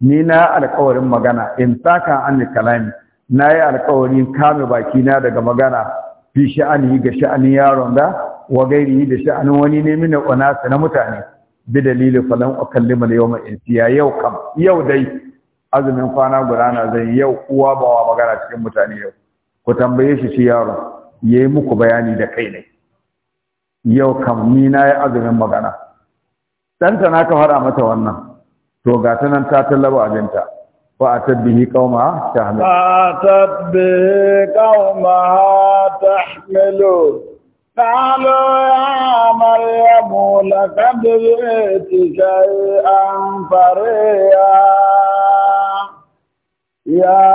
Speaker 1: ni na alƙawarin magana in saka an kalami na yi alƙawarin kame bakina daga magana fi sha'ani ga sha'anin yaron da wa gairi da sha'anin wani ne mini onasa na mutane bi dalili falan ukallima yawma insiya yau kam yau dai azumin kwana guda na zai yau uwa ba wa magana cikin mutane yau ku tambaye shi shi yaro Ya yi muku bayani da kai ne yau kam ni na yi azumin magana ɗanta na ka fara mata wannan to ga ta nan ta tallaba abinta fa a tabbihi qauma ta hamilu
Speaker 2: fa tabbihi qauma ta hamilu قالوا يا مريم لقد جئت شيئا فريا يا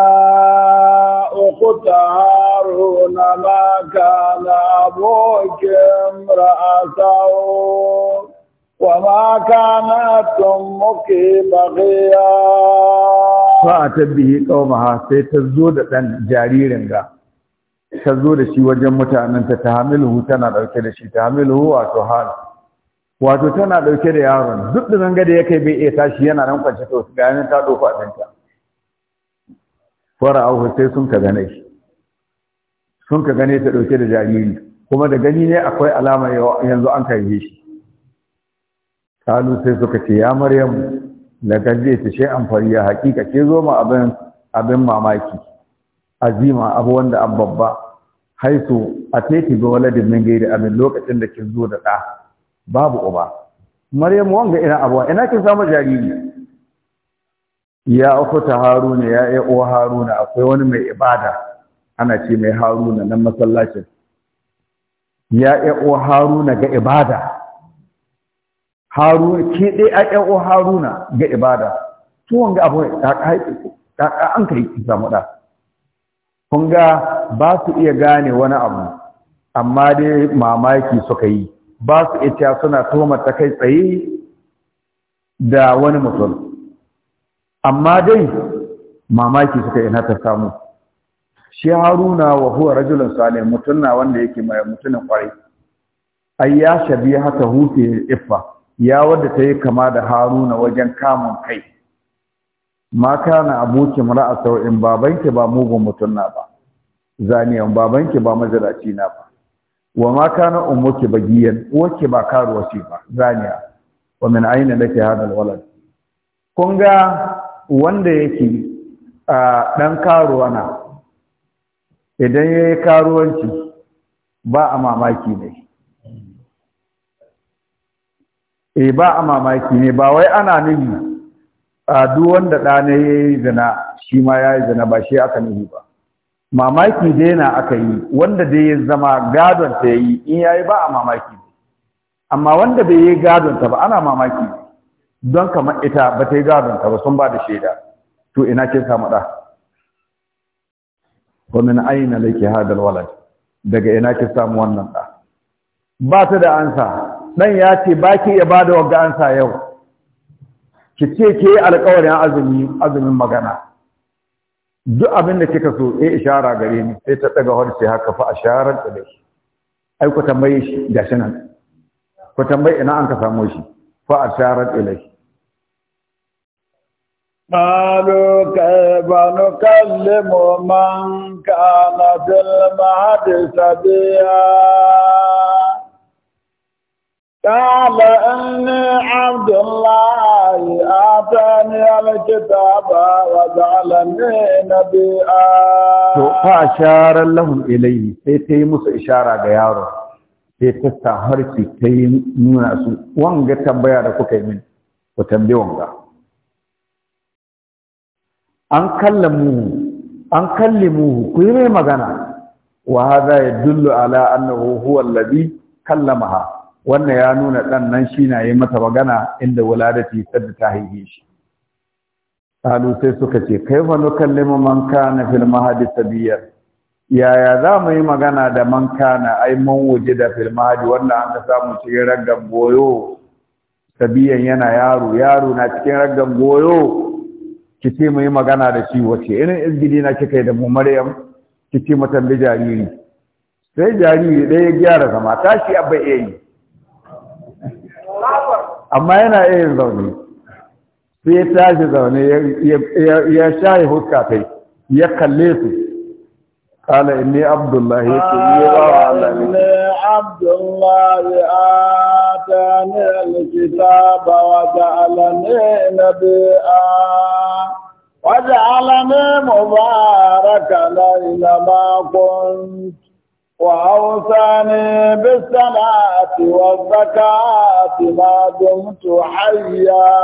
Speaker 2: أخت هارون ما كان أبوك امرأ سوء وما كانت أمك بغيا
Speaker 1: فأتت به قومها سيتزود أن جاريرنها ta zo da shi wajen mutanenta ta hamilu tana ɗauke da shi ta hamilu wato har wato tana ɗauke da yaron duk da zanga da ya kai bai iya tashi yana nan kwance to ga yanin ta ɗauko abinta fara'ahu sai sun ka gane shi sun ka gane ta dauke da jariri kuma da gani ne akwai alama yanzu an kai shi kalu sai suka ce ya maryam shi an fari ya hakika ke zo ma abin abin mamaki azima abu wanda an babba haisu a teki ga waladin min gairi abin lokacin da kin zo da da babu uba maryam wanga ina abuwa ina kin samu jariri ya ukuta haruna ya yi uwa haruna akwai wani mai ibada ana ce mai haruna nan masallacin ya yi uwa haruna ga ibada haruna ke dai a yi uwa haruna ga ibada tuwon ga abu an kai yi kisa muɗa kun ga ba su iya gane wani abu amma dai mamaki suka yi ba su iya suna tuhumar ta kai tsaye da wani mutum amma dai mamaki suka ina ta samu shi haruna wa huwa rajulun salih mutum na wanda yake mai mutumin kwarai ai ya shabi haka hufe iffa ya wadda ta yi kama da haruna wajen kamun kai ma kana abuki mura'a sau'in babanki ba mugun mutum na ba zaniyan babanki ba majalaci na ba wa ma kana ummuki bagiyan uwarki ba karuwa ce ba zaniya wa min aina laki hadal walad kun ga wanda yake ɗan karuwa na idan ya yi karuwanci ba a mamaki ne e ba a mamaki ne ba wai ana nufi a duk wanda ɗana ya yi zina shi ma ya yi zina ba shi aka nufi ba mamaki dai na aka yi wanda dai ya zama gadon ta yi in ya yi ba a mamaki amma wanda bai yi gadonta ba ana mamaki ne don kamar ita ba ta yi gadon ka ba sun ba da shaida to ina kin samu ɗa wa min aina laki hadal walad daga ina kin samu wannan ɗa ba ta da ansa dan ya ce ba ki iya ba da wagga ansa yau ki ce ke alƙawarin azumi azumin magana duk abin da kika so eh ishara gare ni sai ta daga horse haka fa asharar da shi ai ku tambaye shi gashi nan ku tambaye ina an ka samu shi fa da ilayhi
Speaker 2: قالوا كيف نكلم من كان في المهد سبيا قال إني عبد الله آتاني الكتاب وجعلني نبيا
Speaker 1: فأشار لهم إليه سيتي موسى إشارة غياره sai ta sa harshe ta yi nuna su wanga tambaya da kuka yi min ku tambi wanga an kalli an kallimuhu ku yi mai magana wa hadha yadullu ala annahu huwa alladhi kallamaha wannan ya nuna ɗan nan shi na yi mata magana inda wuladati sadda ta haife shi kalu sai suka ce Kai kaifa nukallimu man kana fil mahadi sabiyar. yaya za mu yi magana da man kana ai man waje da fil mahadi wanda an ka samu cikin raggan goyo sabiyan yana yaro yaro na cikin raggan goyo ki ce mu yi magana da shi wace irin izgidi na kika yi da mu maryam ki ce mata da jariri sai jariri ɗaya ya gyara zama tashi a bai yi amma yana iya yin zaune sai ya tashi zaune ya shaye huska kai ya kalle su kala inni abdullahi ya ce yi ba wa Allah ne
Speaker 2: abdullahi آتاني الكتاب وجعلني نبيا وجعلني مباركا أينما كنت وأوصاني بالصلاة والزكاة ما دمت حيا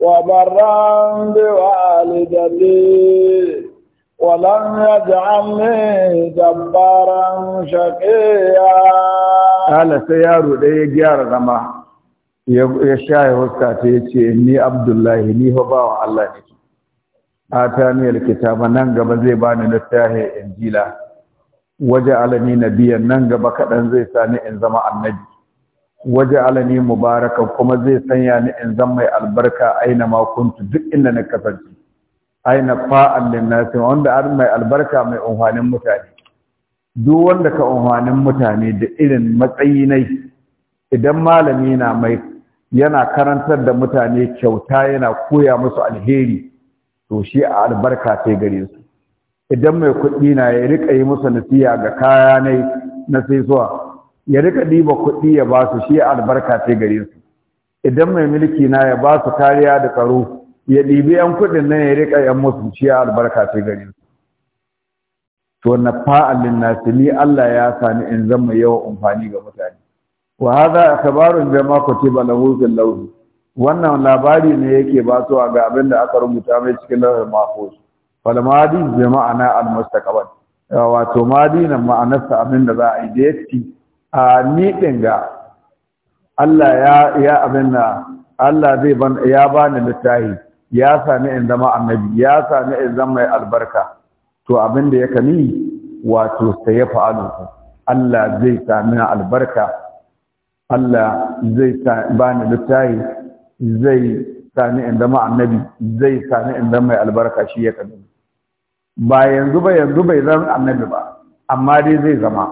Speaker 2: وبرا بوالدتي ولم يجعلني جبارا شقيا
Speaker 1: قال سيارو ده ya gyara zama ya shaye huska ta yace ni abdullahi ni fa bawa Allah nake atani alkitaba nan gaba zai bani littafi injila waje alani nabiyan nan gaba kaɗan zai sani in zama annabi waje alani Mubaraka kuma zai sanya ni in zama mai albarka aina ma kuntu duk inda na kasance aina fa'an linnasi wanda an mai albarka mai unhwanin mutane duk wanda ka unhwanin mutane da irin matsayi nai idan malami na mai yana karantar da mutane kyauta yana koya musu alheri to shi a albarka sai gare su idan mai kuɗi na ya rika yi musu nasiya ga kaya nai na sai zuwa ya rika ɗiba kuɗi ya ba su shi a albarka sai gare su idan mai mulki na ya ba su kariya da tsaro ya ɗibi yan kuɗin nan ya riƙa yan musu ciya albarka ce gari su to na fa'alin nasu ni Allah ya sani in zama yawa amfani ga mutane wa hadha akhbarun bima kutiba lahu fil lawh wannan labari ne yake ba su ga abin da aka rubuta mai cikin lawhul mahfuz fal madi bi ma'ana al mustaqbal wato madi nan ma'anarsa abin da za a yi da yake a ni din ga Allah ya ya abin da Allah zai ban ya bani littafi ya sami in zama annabi ya sami in zama mai albarka to abin da ya kani wato sai ya fa'alu Allah zai sami albarka Allah zai bani littafi zai sami in zama annabi zai sami in zama mai albarka shi ya kani ba yanzu ba yanzu bai zama annabi ba amma dai zai zama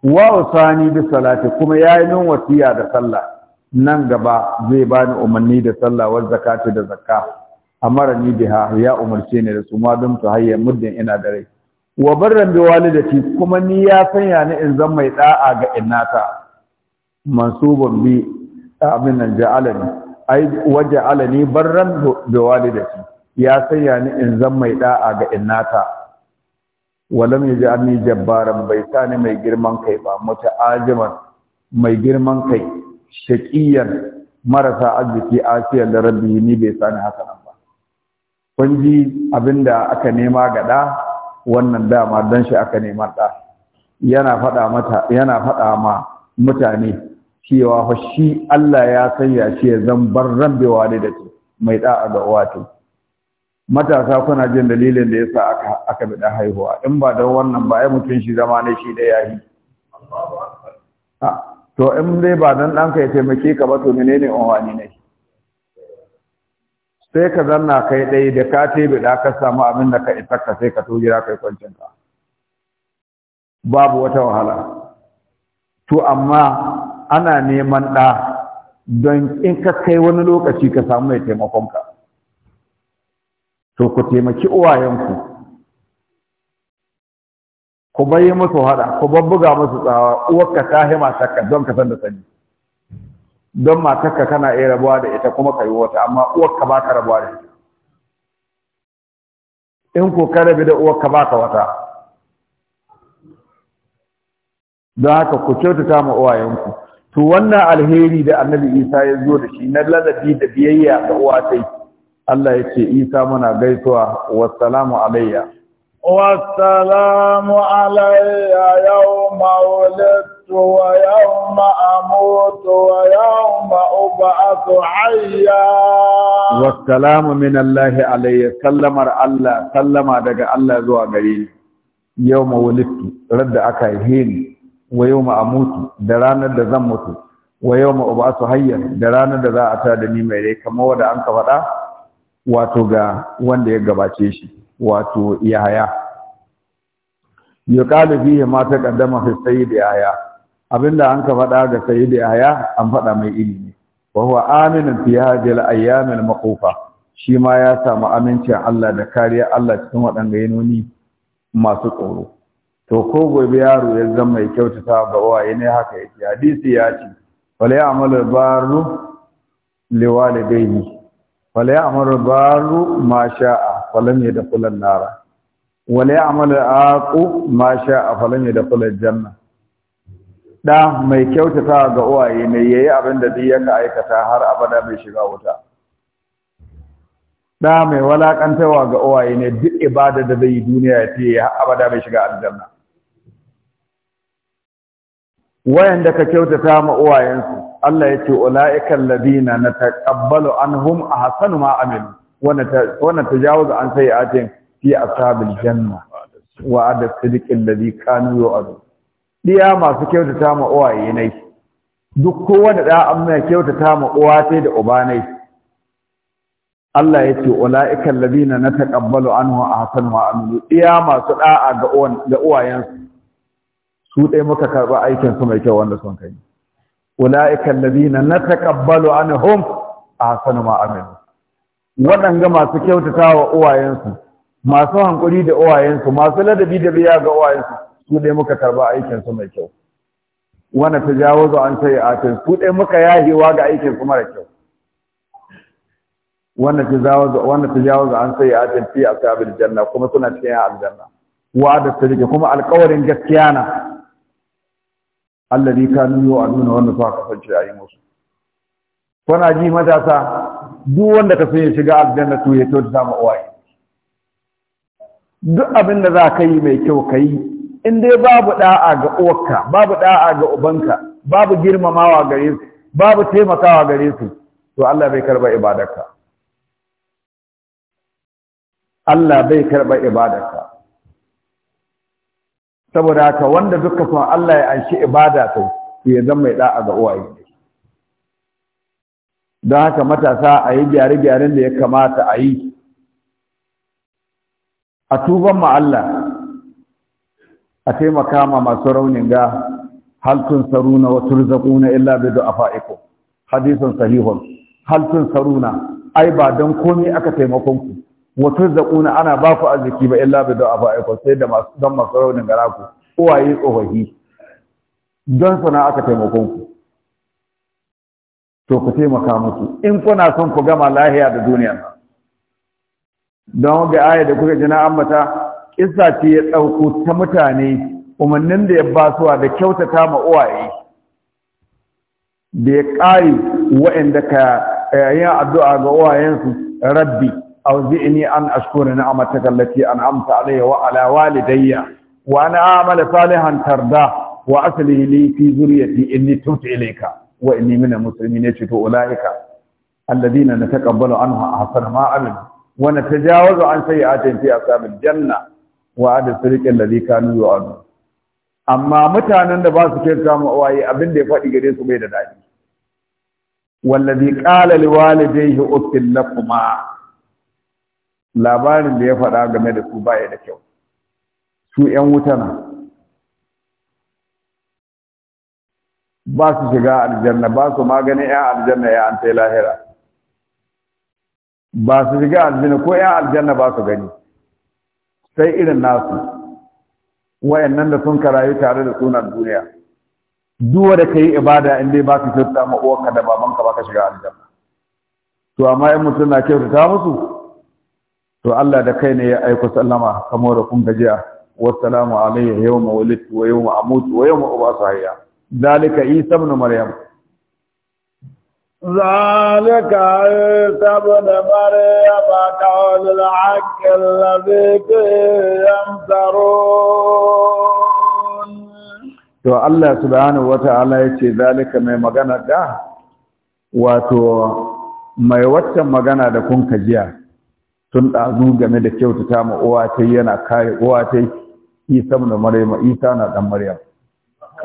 Speaker 1: wa usani bi salati kuma yayin min wasiya da sallah nan gaba zai bani umarni da sallah wa zakati da zakka ni biha ya umarce ni da su ma dum ta hayya muddin ina da rai wa barran bi walidati kuma ni ya sanya ni in zan mai da'a ga innata mansubun bi abin nan ja'alani ai waja'alani barran bi walidati ya sanya ni in zan mai da'a ga innata walam yaj'alni jabbaran bai sani mai girman kai ba muta'ajiman mai girman kai shaƙiyar marasa arziki asiyar da rabbi ni bai sani haka nan ba kun ji da aka nema ga ɗa wannan dama don shi aka nema ɗa yana faɗa mata yana faɗa ma mutane cewa fa shi Allah ya sanya shi ya zan barran wani da ke mai da'a da wato matasa kuna jin dalilin da yasa aka aka bi da haihuwa in ba da wannan ba ai mutun shi zama ne shi da yayi ah, to in dai ba dan ɗanka ya taimake ka ba to menene unwani ne sai ka zanna kai ɗaya da ka tebe da ka samu abin da ka isa sai ka to gida kai kwancin ka babu wata wahala to amma ana neman ɗa don in ka kai wani lokaci ka samu mai ka to ku taimaki uwayenku ku bayi musu hada ku babbuga musu tsawa uwarka ta tahi takka don ka san da sani don matarka kana iya rabuwa da ita kuma ka yi wata amma ka ba ka rabuwa da ita in ko ka rabi da ka ba ka wata don haka ku kyautata ma uwayenku to wannan alheri da annabi isa ya zo da shi na ladabi da biyayya ga uwa sai Allah ya ce isa muna gaisuwa wassalamu alayya
Speaker 2: والسلام علي يوم ولدت ويوم أموت ويوم أبعث حيا
Speaker 1: والسلام من الله علي سلم الله سلم دقى الله ذو قليل يوم ولدت رد أكايهين ويوم أموت دران دزمت ويوم أبعث حيا دران دزا أتادني ميري كما أنك فتا واتوغا وان دي قباتيشي wato yaya yuqalu fihi ma taqaddama fi sayyid yaya abinda an ka faɗa ga sayyid yaya an faɗa mai ilimi wa huwa aminun fi hadhihi al-ayyam al-maqufa shi ma ya samu amincin Allah da kariya Allah cikin waɗanda yanoni masu tsoro to ko gobe yaro ya zama mai kyautata ga waye ne haka yake hadisi ya ce wala ya'malu baru liwalidayhi wala ya'malu baru ma sha'a falam ya dakula nara wala ya'mal aqu ma sha'a falam ya dakula janna da mai kyautata ga uwaye ne yayi abin da duk yaka aikata har abada bai shiga wuta da mai walakantawa ga uwaye ne duk ibada da zai yi duniya fiye har abada bai shiga aljanna wayanda ka kyautata ma uwayensu Allah ya ce ula'ikan ladina na taƙabbalu an hum a ma amilu wannan tajawuz an sai atin fi ashabil janna wa ada sidiqin ladhi kanu yu'adu diya masu kyautata ma uwaye nai duk kowanne da an mai kyautata ma uwa sai da uba nai Allah ya ce ikan ula'ika alladhina nataqabbalu anhu ahsanu ma amilu diya masu da'a ga uwan ga uwayensu su dai muka karba aikin su mai kyau wanda sun kai ikan na ula'ika alladhina nataqabbalu a ahsanu ma amilu waɗanga masu kyautata wa uwayensu masu hankuri da uwayensu masu ladabi da biya ga uwayensu su dai muka karba aikinsu mai kyau wanda ta jawo zo an sai atin su dai muka yahewa ga aikin su mara kyau wanda ta jawo zo wanda ta jawo zo an sai atin fi asabil janna kuma suna cikin aljanna da sirri kuma alƙawarin gaskiya na Allah alladhi kanu yu'aduna wanda suka kasance ayi musu kwana ji matasa duk wanda ka sun yi shiga aljanna to ya to ta samu uwaye duk abin da za ka yi mai kyau ka yi in dai babu da'a ga uwarka babu da'a ga ubanka babu girmamawa gare su babu taimakawa gare su to Allah bai karba ibadarka Allah bai karba ibadarka saboda haka wanda duka son Allah ya anshi ibada sai ya zama mai da'a ga uwaye don haka matasa a yi gyare-gyaren da ya kamata a yi a tuban Allah a taimaka ma masu raunin ga haltun saruna wa turzaquna illa bi du'afaikum hadisun sahihun haltun saruna ai ba don komai aka taimakon ku wa turzaquna ana ba ku arziki ba illa bi du'afaikum sai da masu raunin masu raunin garaku uwaye tsofaffi don sana aka taimakon ku to ku taimaka musu in kuna son ku gama lahiya da duniya nan don ga aya da kuka ji na ambata kissa ce ya ɗauko ta mutane umarnin da ya basuwa da kyautata ma uwaye da ya ƙari waɗanda ka eh, yin addu'a ga uwayensu rabbi auzi'ni an ashkura ni'amataka allati an'amta alayya wa ala walidayya wa ana a'mala salihan tarda wa aslihi li fi zurriyati inni tubtu ilayka wa inni minal muslimin yace to ulaika ta nataqabbalu an ahsana ma Wani ta natajawazu an sayyi'atihim fi ashabil janna wa ad sirqi alladhi kanu yu'adu amma mutanen da ba su kyauta mu waye abin da ya faɗi gare su bai da daɗi wallazi qala liwalidayhi uffil lakuma labarin da ya faɗa game da su baya da kyau su ƴan wuta na ba su shiga aljanna ba su magani ya aljanna ya ante lahira ba su shiga aljanna ko ya aljanna ba su gani sai irin nasu wayannan da sun rayu tare da sunan duniya duwa da kai ibada in dai ba su kyauta ma uwarka da babanka ba ka shiga aljanna to amma in mutum na kyautata musu to Allah da kai ne ya aiko sallama kamar kun gajiya wassalamu alayhi yawma wulidtu wa yawma amutu wa yawma ubasu hayya zalika isa ibn maryam
Speaker 2: ذلك عيسى بن مريم قول الحق الذي فيه يمترون
Speaker 1: to Allah subhanahu wata'ala yace zalika mai magana da wato mai waccan magana da kun kajiya tun dazu game da kyautata ma uwa tai yana kai uwa tai Isa ibn Maryam Isa na dan Maryam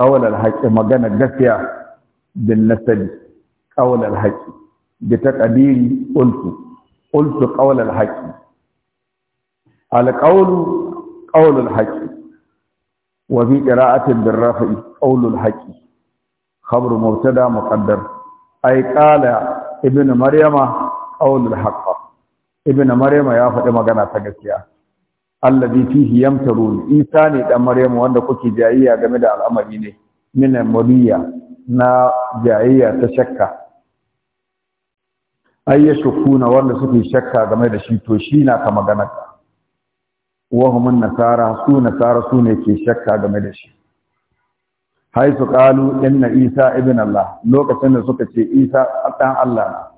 Speaker 1: ƙaunar haƙƙi magana gaskiya bin nasabi ƙaunar haƙƙi bi ta ƙabiri ulfu ulfu ƙaunar haƙƙi alƙaunu ƙaunar haƙƙi wa bi ƙira'atin bin rafa'i ƙaunar haƙƙi khabru mubtada muqaddar ay qala ibnu maryama ƙaunar haqqa ibnu maryama ya faɗi magana ta gaskiya alladhi fihi yamtarun isa ne dan maryamu wanda kuke jayayya game da al'amari ne min muriya na jayayya ta shakka ay yashkuna wanda suke shakka game da shi to shi na ka magana wa hum nasara su nasara su ne ke shakka game da shi haisu qalu inna isa ibn allah lokacin da suka ce isa dan allah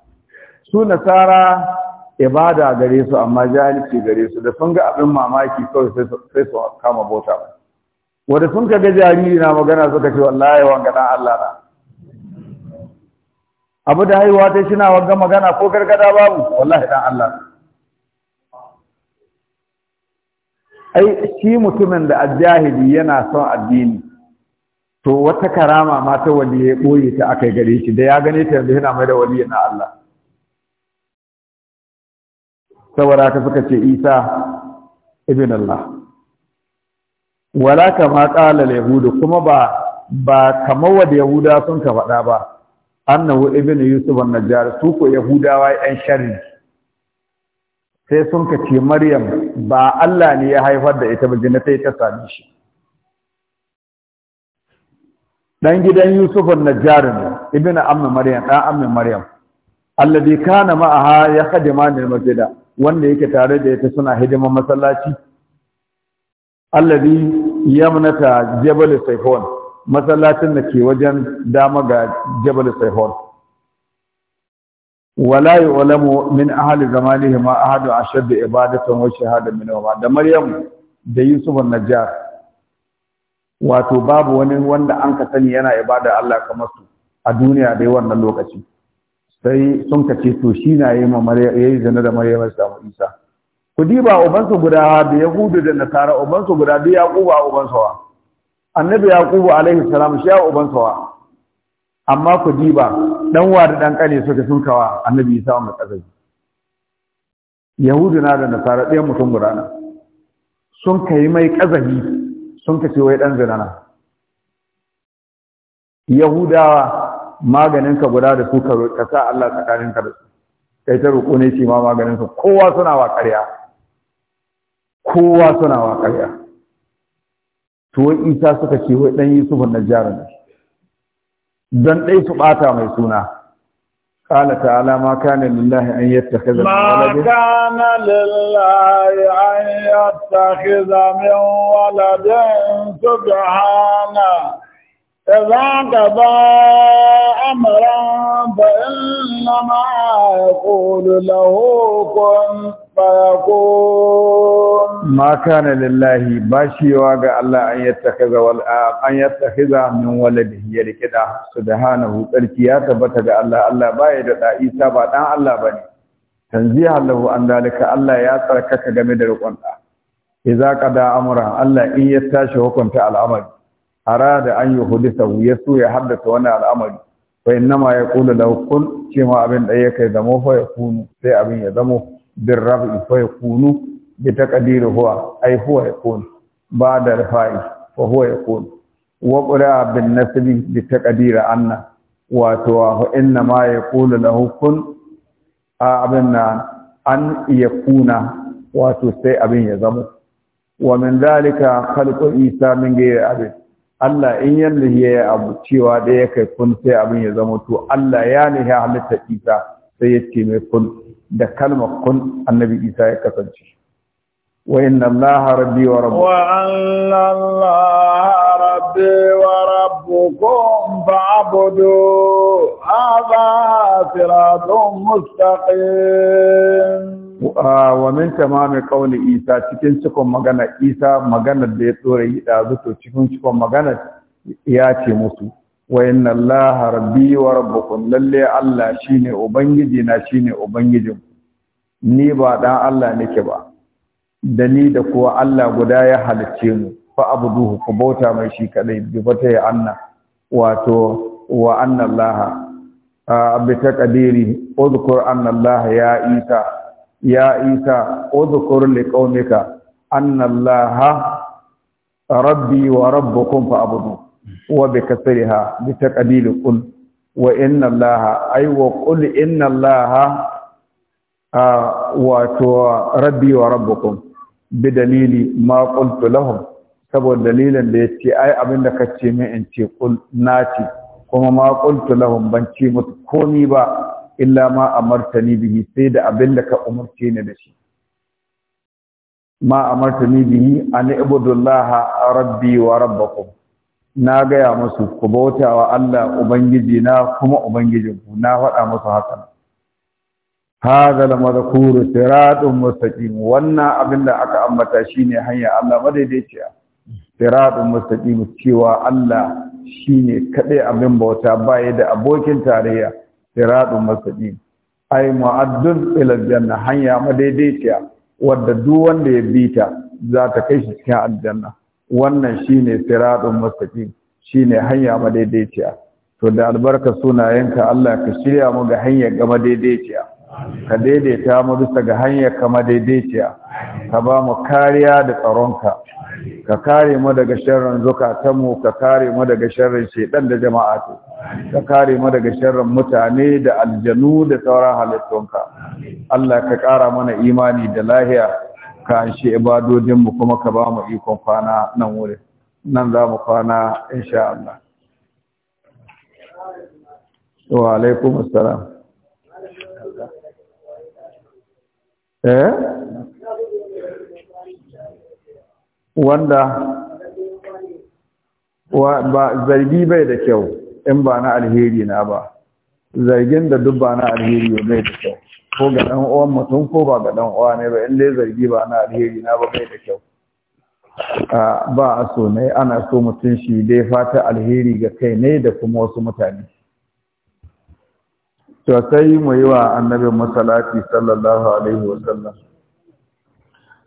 Speaker 1: su nasara ibada gare su amma jahilci gare su da sun ga abin mamaki kawai sai su kama bota. ba wanda sun ga jariri na magana suka ce wallahi wanga dan Allah na abu da haihuwa ta shi na wanga magana ko gargada babu wallahi dan Allah ai shi mutumin da ajahili yana son addini to wata karama ma ta waliye boye ta akai gare shi da ya gane ta yanzu yana mai da waliyin na Allah saboda haka suka ce isa ibn Allah wala kama qala al-yahud kuma ba ba kamar wanda yahuda sun ka faɗa ba annahu ibn yusuf an-najjar su ko yahudawa yan sharri sai sun ka ce maryam ba Allah ne ya haifar da ita ba jinnatai ta sami shi dan gidan Yusuf an-Najjar ne ibnu ammi Maryam dan ammi Maryam alladhi kana ma'aha ya khadima lil masjida wanda yake tare da ita suna hidimar masallaci allazi yamnata jabal sayhon masallacin da ke wajen dama ga jabal sayhon wala yu'lamu min ahli zamanihi ma ahadu ashad ibadatan wa shahada min wa da maryam da yusuf an-najjar wato babu wani wanda an ka sani yana ibada Allah kamar su a duniya dai wannan lokaci sai sun ka ce to shi na yi zane da maryam samu isa ku ba ubansu guda da yahudu da nasara ubansu guda da yaquba ubansu wa annabi yaqubu alaihi salam shi ya ubansu wa amma ku ba dan wa da dan kane suka sun kawa annabi isa mu kazai yahudu na da nasara ɗaya mutum guda na sun kai mai kazahi sun ka ce wai dan zinana yahudawa Maganin ka guda da su ka sa Allah tsakanin ka dace. kai ta roƙo ne ce ma maganin ka kowa suna wa ƙarya kowa suna wa ƙarya to wai isa suka ce wai dan yusuf annajara ne dan dai su bata mai suna qala ta'ala ma kana lillahi an yattakhidha walada ma
Speaker 2: kana lillahi an yattakhidha min walada subhanahu إذا قضى أمرا فإنما يقول له كن فيكون
Speaker 1: ما كان لله باشي واقع الله أن يتخذ والآب أن يتخذ من ولده يلكدا سبحانه تلكيات بتدى الله الله بايد إيسا بعد الله بني تنزيها له عن ذلك الله يتركك جميل رقم إذا قضى أمرا الله إن يتاشي وكنت الأمر arada an yuhdisahu ya so ya haddasa wani al'amari fa innama yaqulu da hukun? ce ma abin da kai zamo fa kunu sai abin ya zamo bin rafi fa kunu bi taqdiri huwa ai huwa kunu ba da rufa'i, fa huwa kunu wa qura bin nasibi bi taqdiri anna wato wa kula da hukun? A abin na an iya kuna wato sai abin ya zamo wa min zalika khalqu isa min gairi abin Allah in yanda ya abu cewa da ya kai kun sai abin ya zama to Allah ya ne ya halitta Isa sai ya ce mai kun da kalmar kun annabi Isa ya kasance wa inna Allah rabbi wa rabbukum wa
Speaker 2: Allah ربي وربكم فاعبدوا هذا صراط مستقيم
Speaker 1: wa min tamami qawli isa cikin cikon magana isa magana da ya tsore yi dazu to cikin cikon magana ya ce musu wa inna allaha rabbi wa rabbukum lalle allah shine ubangiji na shine ubangijin ni ba dan allah nake ba da ni da kuwa allah guda ya halicce mu fa abuduhu ku bauta mai shi kadai bi fata ya anna wato wa anna Allah bi taqdiri udhkur anna Allah ya Isa ya Isa udhkur liqaumika anna Allah rabbi wa rabbukum fa abudu wa bi kasriha bi taqdiri qul wa inna Allah ay wa qul inna Allah wato rabbi wa rabbukum bidalili ma qultu lahum saboda dalilin da ya ce ai abin da ka ce min in ce kul ce, kuma ma qultu lahum ban ce musu komi ba illa ma amartani bihi sai da abin da ka umarce ni da shi ma amartani bihi an ibudullaha rabbi wa rabbakum na gaya musu ku bauta wa Allah ubangiji na kuma ubangijinku na faɗa musu haka hadha al-madhkuru siratun mustaqim wannan abin da aka ambata shine hanya Allah madaidaiciya siratun mustaqim cewa Allah shine kadai abin bauta baya da abokin tarayya siratun mustaqim ai mu'addun ila janna hanya madaidaiciya wadda duk wanda ya bi ta za ta kai shi cikin aljanna wannan shine siratun mustaqim shine hanya madaidaiciya to da albarka sunayenka Allah ka shirya mu ga hanyar ga madaidaiciya ka daidaita mu bisa ga hanyar ka madaidaiciya ka ba mu kariya da tsaronka ka kare mu daga sharrin zukatanmu ka kare mu daga sharrin shedan da jama'a ka kare mu daga sharrin mutane da aljanu da sauran halittunka Allah ka kara mana imani da lahiya ka anshi ibadojin mu kuma ka ba mu ikon kwana nan wurin nan za mu kwana insha Allah wa alaikum assalam eh wanda ba zargi bai da kyau in ba na alheri na ba zargin da duk ba na alheri bai da kyau ko ga dan uwan mutum ko ba ga dan uwa ne ba in dai zargi ba na alheri na ba bai da kyau ba a so ne ana so mutum shi dai fata alheri ga kai ne da kuma wasu mutane to sai mu yi wa annabin masalati sallallahu alaihi wasallam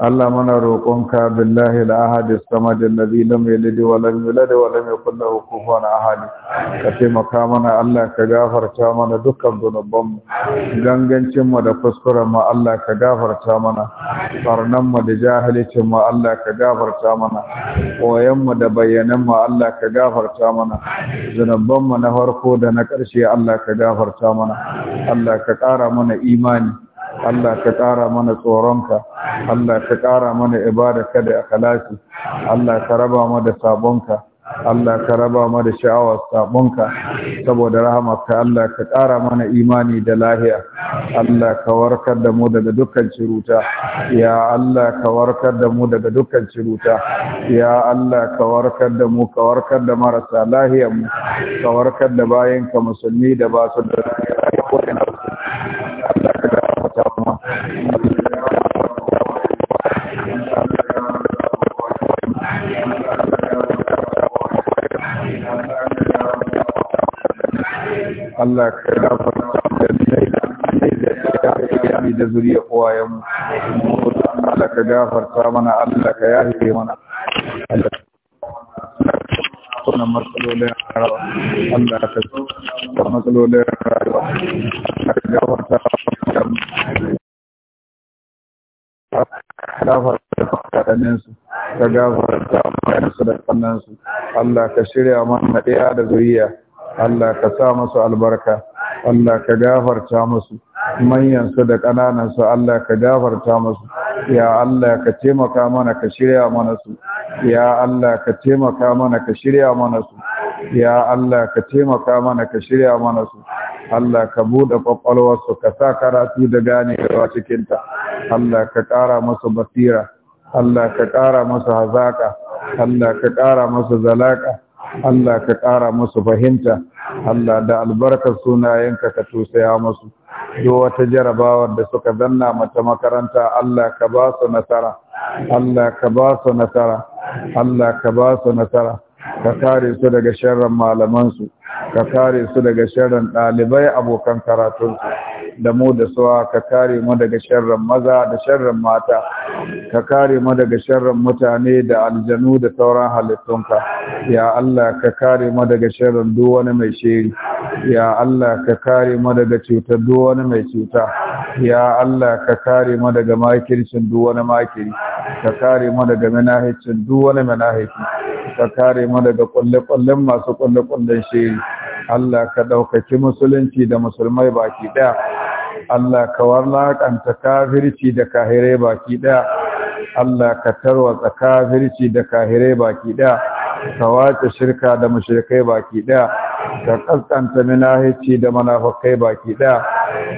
Speaker 1: Allah muna roƙonka billahi al-ahad as-samad alladhi lam yalid wa lam yulad wa lam yakul lahu kufuwan ahad ka taimaka mana Allah ka gafarta mana dukkan zunuban gangancin mu da kuskuren mu Allah ka gafarta mana Farnanmu mu da jahilcin mu Allah ka gafarta mana koyan mu da bayanan mu Allah ka gafarta mana zunuban mu na farko da na ƙarshe Allah ka gafarta mana Allah ka ƙara mana imani Allah ka ƙara mana tsoronka Allah ka ƙara mana ibadarka da akhlasi Allah ka raba mana da sabonka Allah ka raba mana da sha'awar sabonka saboda rahamarka Allah ka ƙara mana imani da lahiya Allah ka warkar da mu daga dukkan ciruta ya Allah ka warkar da mu daga dukkan ciruta ya Allah ka warkar da mu ka warkar da marasa lahiyar mu ka warkar da bayan ka musulmi da ba su da lahiya ko Allah ka Allah ka gafarta da da zuriya kowayen Allah ka gafarta mana Allah ka yafe mana Allah matsalolin Allah ka matsalolin
Speaker 2: rayuwa Allah ka gafarta
Speaker 1: gafarta kaɗaninsu ka gafarta kaɗaninsu da kannansu Allah ka shirya mana ɗaya da zuriya Allah ka sa masu albarka Allah ka gafarta musu manyansu da su, Allah ka gafarta musu ya Allah ka taimaka mana ka shirya mana su ya Allah ka taimaka mana ka shirya mana su ya Allah ka taimaka mana ka shirya mana su Allah ka buɗe ƙwaƙwalwarsu ka sa karatu da gane ganewa cikinta Allah ka ƙara masu basira Allah ka ƙara masu hazaƙa Allah ka ƙara masu zalaƙa Allah ka ƙara musu fahimta Allah da albarkar sunayenka ka tusaya musu duk wata jarabawar da suka zanna mata makaranta Allah ka ba su nasara Allah ka ba su nasara Allah ka ba su nasara ka kare su daga sharran malamansu ka kare su daga sharran ɗalibai abokan karatunsu da mu da suwa ka kare mu daga sharran maza da sharran mata ka kare mu daga sharran mutane da aljanu da sauran halittunka ya Allah ka kare mu daga sharran duk wani mai shiri ya Allah ka kare mu daga cutar duk wani mai cuta ya Allah ka kare mu daga makircin duk wani makiri ka kare mu daga manahicin duk wani manahiki ka kare mu daga kulle-kullen masu kulle-kullen shiri Allah ka ɗaukaki musulunci da musulmai baki ɗaya Allah ka ƙanta kafirci da kahirai baki ɗaya Allah ka tarwatsa kafirci da kahirai baki ɗaya ka wace shirka da mashirkai baki ɗaya ka kaskanta minahici da manafakai baki ɗaya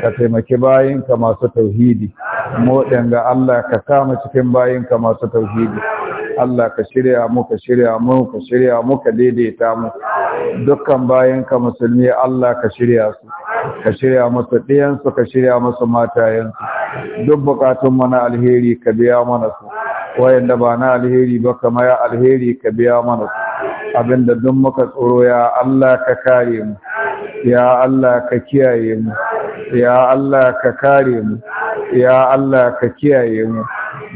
Speaker 1: ka taimaki bayinka masu tauhidi mu ga Allah ka kama cikin bayinka masu tauhidi Allah ka shirya mu ka shirya mu ka shirya mu ka daidaita mu dukkan bayinka musulmi Allah ka shirya su ka shirya musu ɗiyansu ka shirya musu matayensu duk bukatunmu na alheri ka biya mana su wayanda ba na alheri ba kamar ya alheri ka biya mana su abinda duk muka tsoro ya Allah ka kare mu ya Allah ka kiyaye mu ya Allah ka kare mu ya Allah ka kiyaye mu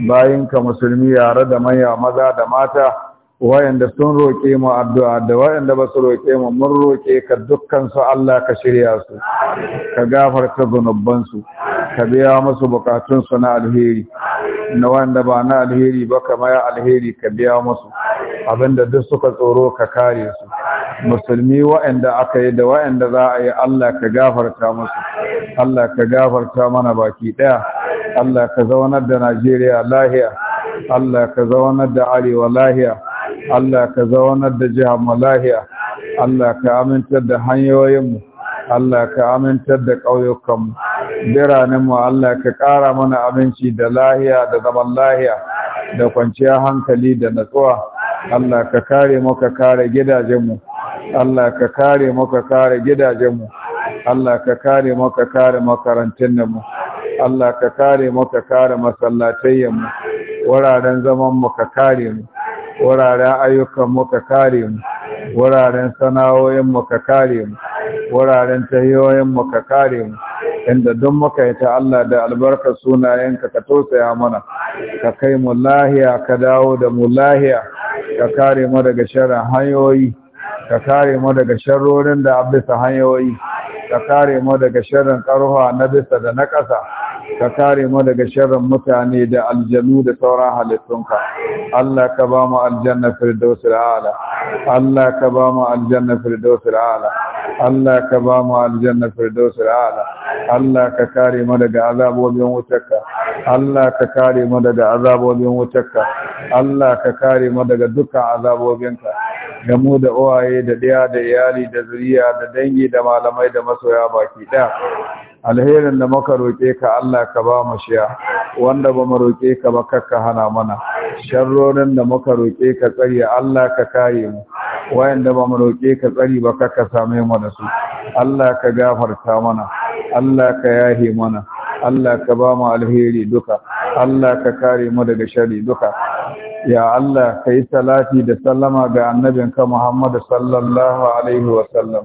Speaker 1: bayinka musulmi yare da maya maza da mata wayanda sun roƙe mu addu'a da wayanda ba su roƙe mu mun roƙe ka dukkan su Allah ka shirya su ka gafarta zanubban su ka biya musu bukatun su na alheri na wanda ba na alheri ba ka maya alheri ka biya musu abinda duk suka tsoro ka kare su musulmi wayanda aka yi da wayanda za a yi Allah ka gafarta musu Allah ka gafarta mana baki daya Allah ka zaunar da Najeriya lahiya Allah ka zaunar da Arewa lahiya Allah ka zaunar da jihar malahiya
Speaker 2: Allah ka
Speaker 1: amintar da hanyoyinmu Allah ka amintar da ƙauyukanmu biranenmu Allah ka ƙara mana aminci da lahiya da zaman lahiya
Speaker 2: da kwanciyar
Speaker 1: hankali da natsuwa Allah ka kare mu kare gidajenmu Allah ka kare mu kare gidajenmu Allah ka kare mu ka kare makarantunmu Allah ka kare mu kare masallatayyanmu wuraren zamanmu mu ka kare mu wuraren ayyukan ka kare mu wuraren sana'o'in ka kare mu wuraren tahiyoyin ka kare mu inda duk muka yi ta Allah da albarka sunayenka ka tausaya mana ka kai mu lahiya ka dawo da mu lahiya ka kare mu daga sharan hanyoyi ka kare mu daga sharrorin da abisa hanyoyi ka kare mu daga sharrin karuwa na bisa da na ƙasa ka kare mu daga sharrin mutane da aljanu da sauran halittunka Allah ka ba mu aljanna firdausul a'la Allah ka ba mu aljanna firdausul a'la Allah ka ba mu aljanna firdausul a'la Allah ka kare mu daga azabobin wutarka Allah ka kare mu daga azabobin wutarka Allah ka kare mu daga dukkan azabobinka ga mu da uwaye uwaye da ɗaya da iyali da zuriya da dangi da malamai da masoya baki ɗaya alherin da muka roƙe ka Allah ka ba mu shiya wanda ba mu roƙe ka ba kakka hana mana sharrorin da muka roƙe ka tsari Allah ka kare mu wayanda ba mu roƙe ka tsari ba kakka same mu da su Allah ka gafarta mana Allah ka yahe mana Allah ka ba mu alheri duka Allah ka kare mu daga shari duka ya Allah ka yi salati da sallama ga annabinka Muhammad sallallahu alaihi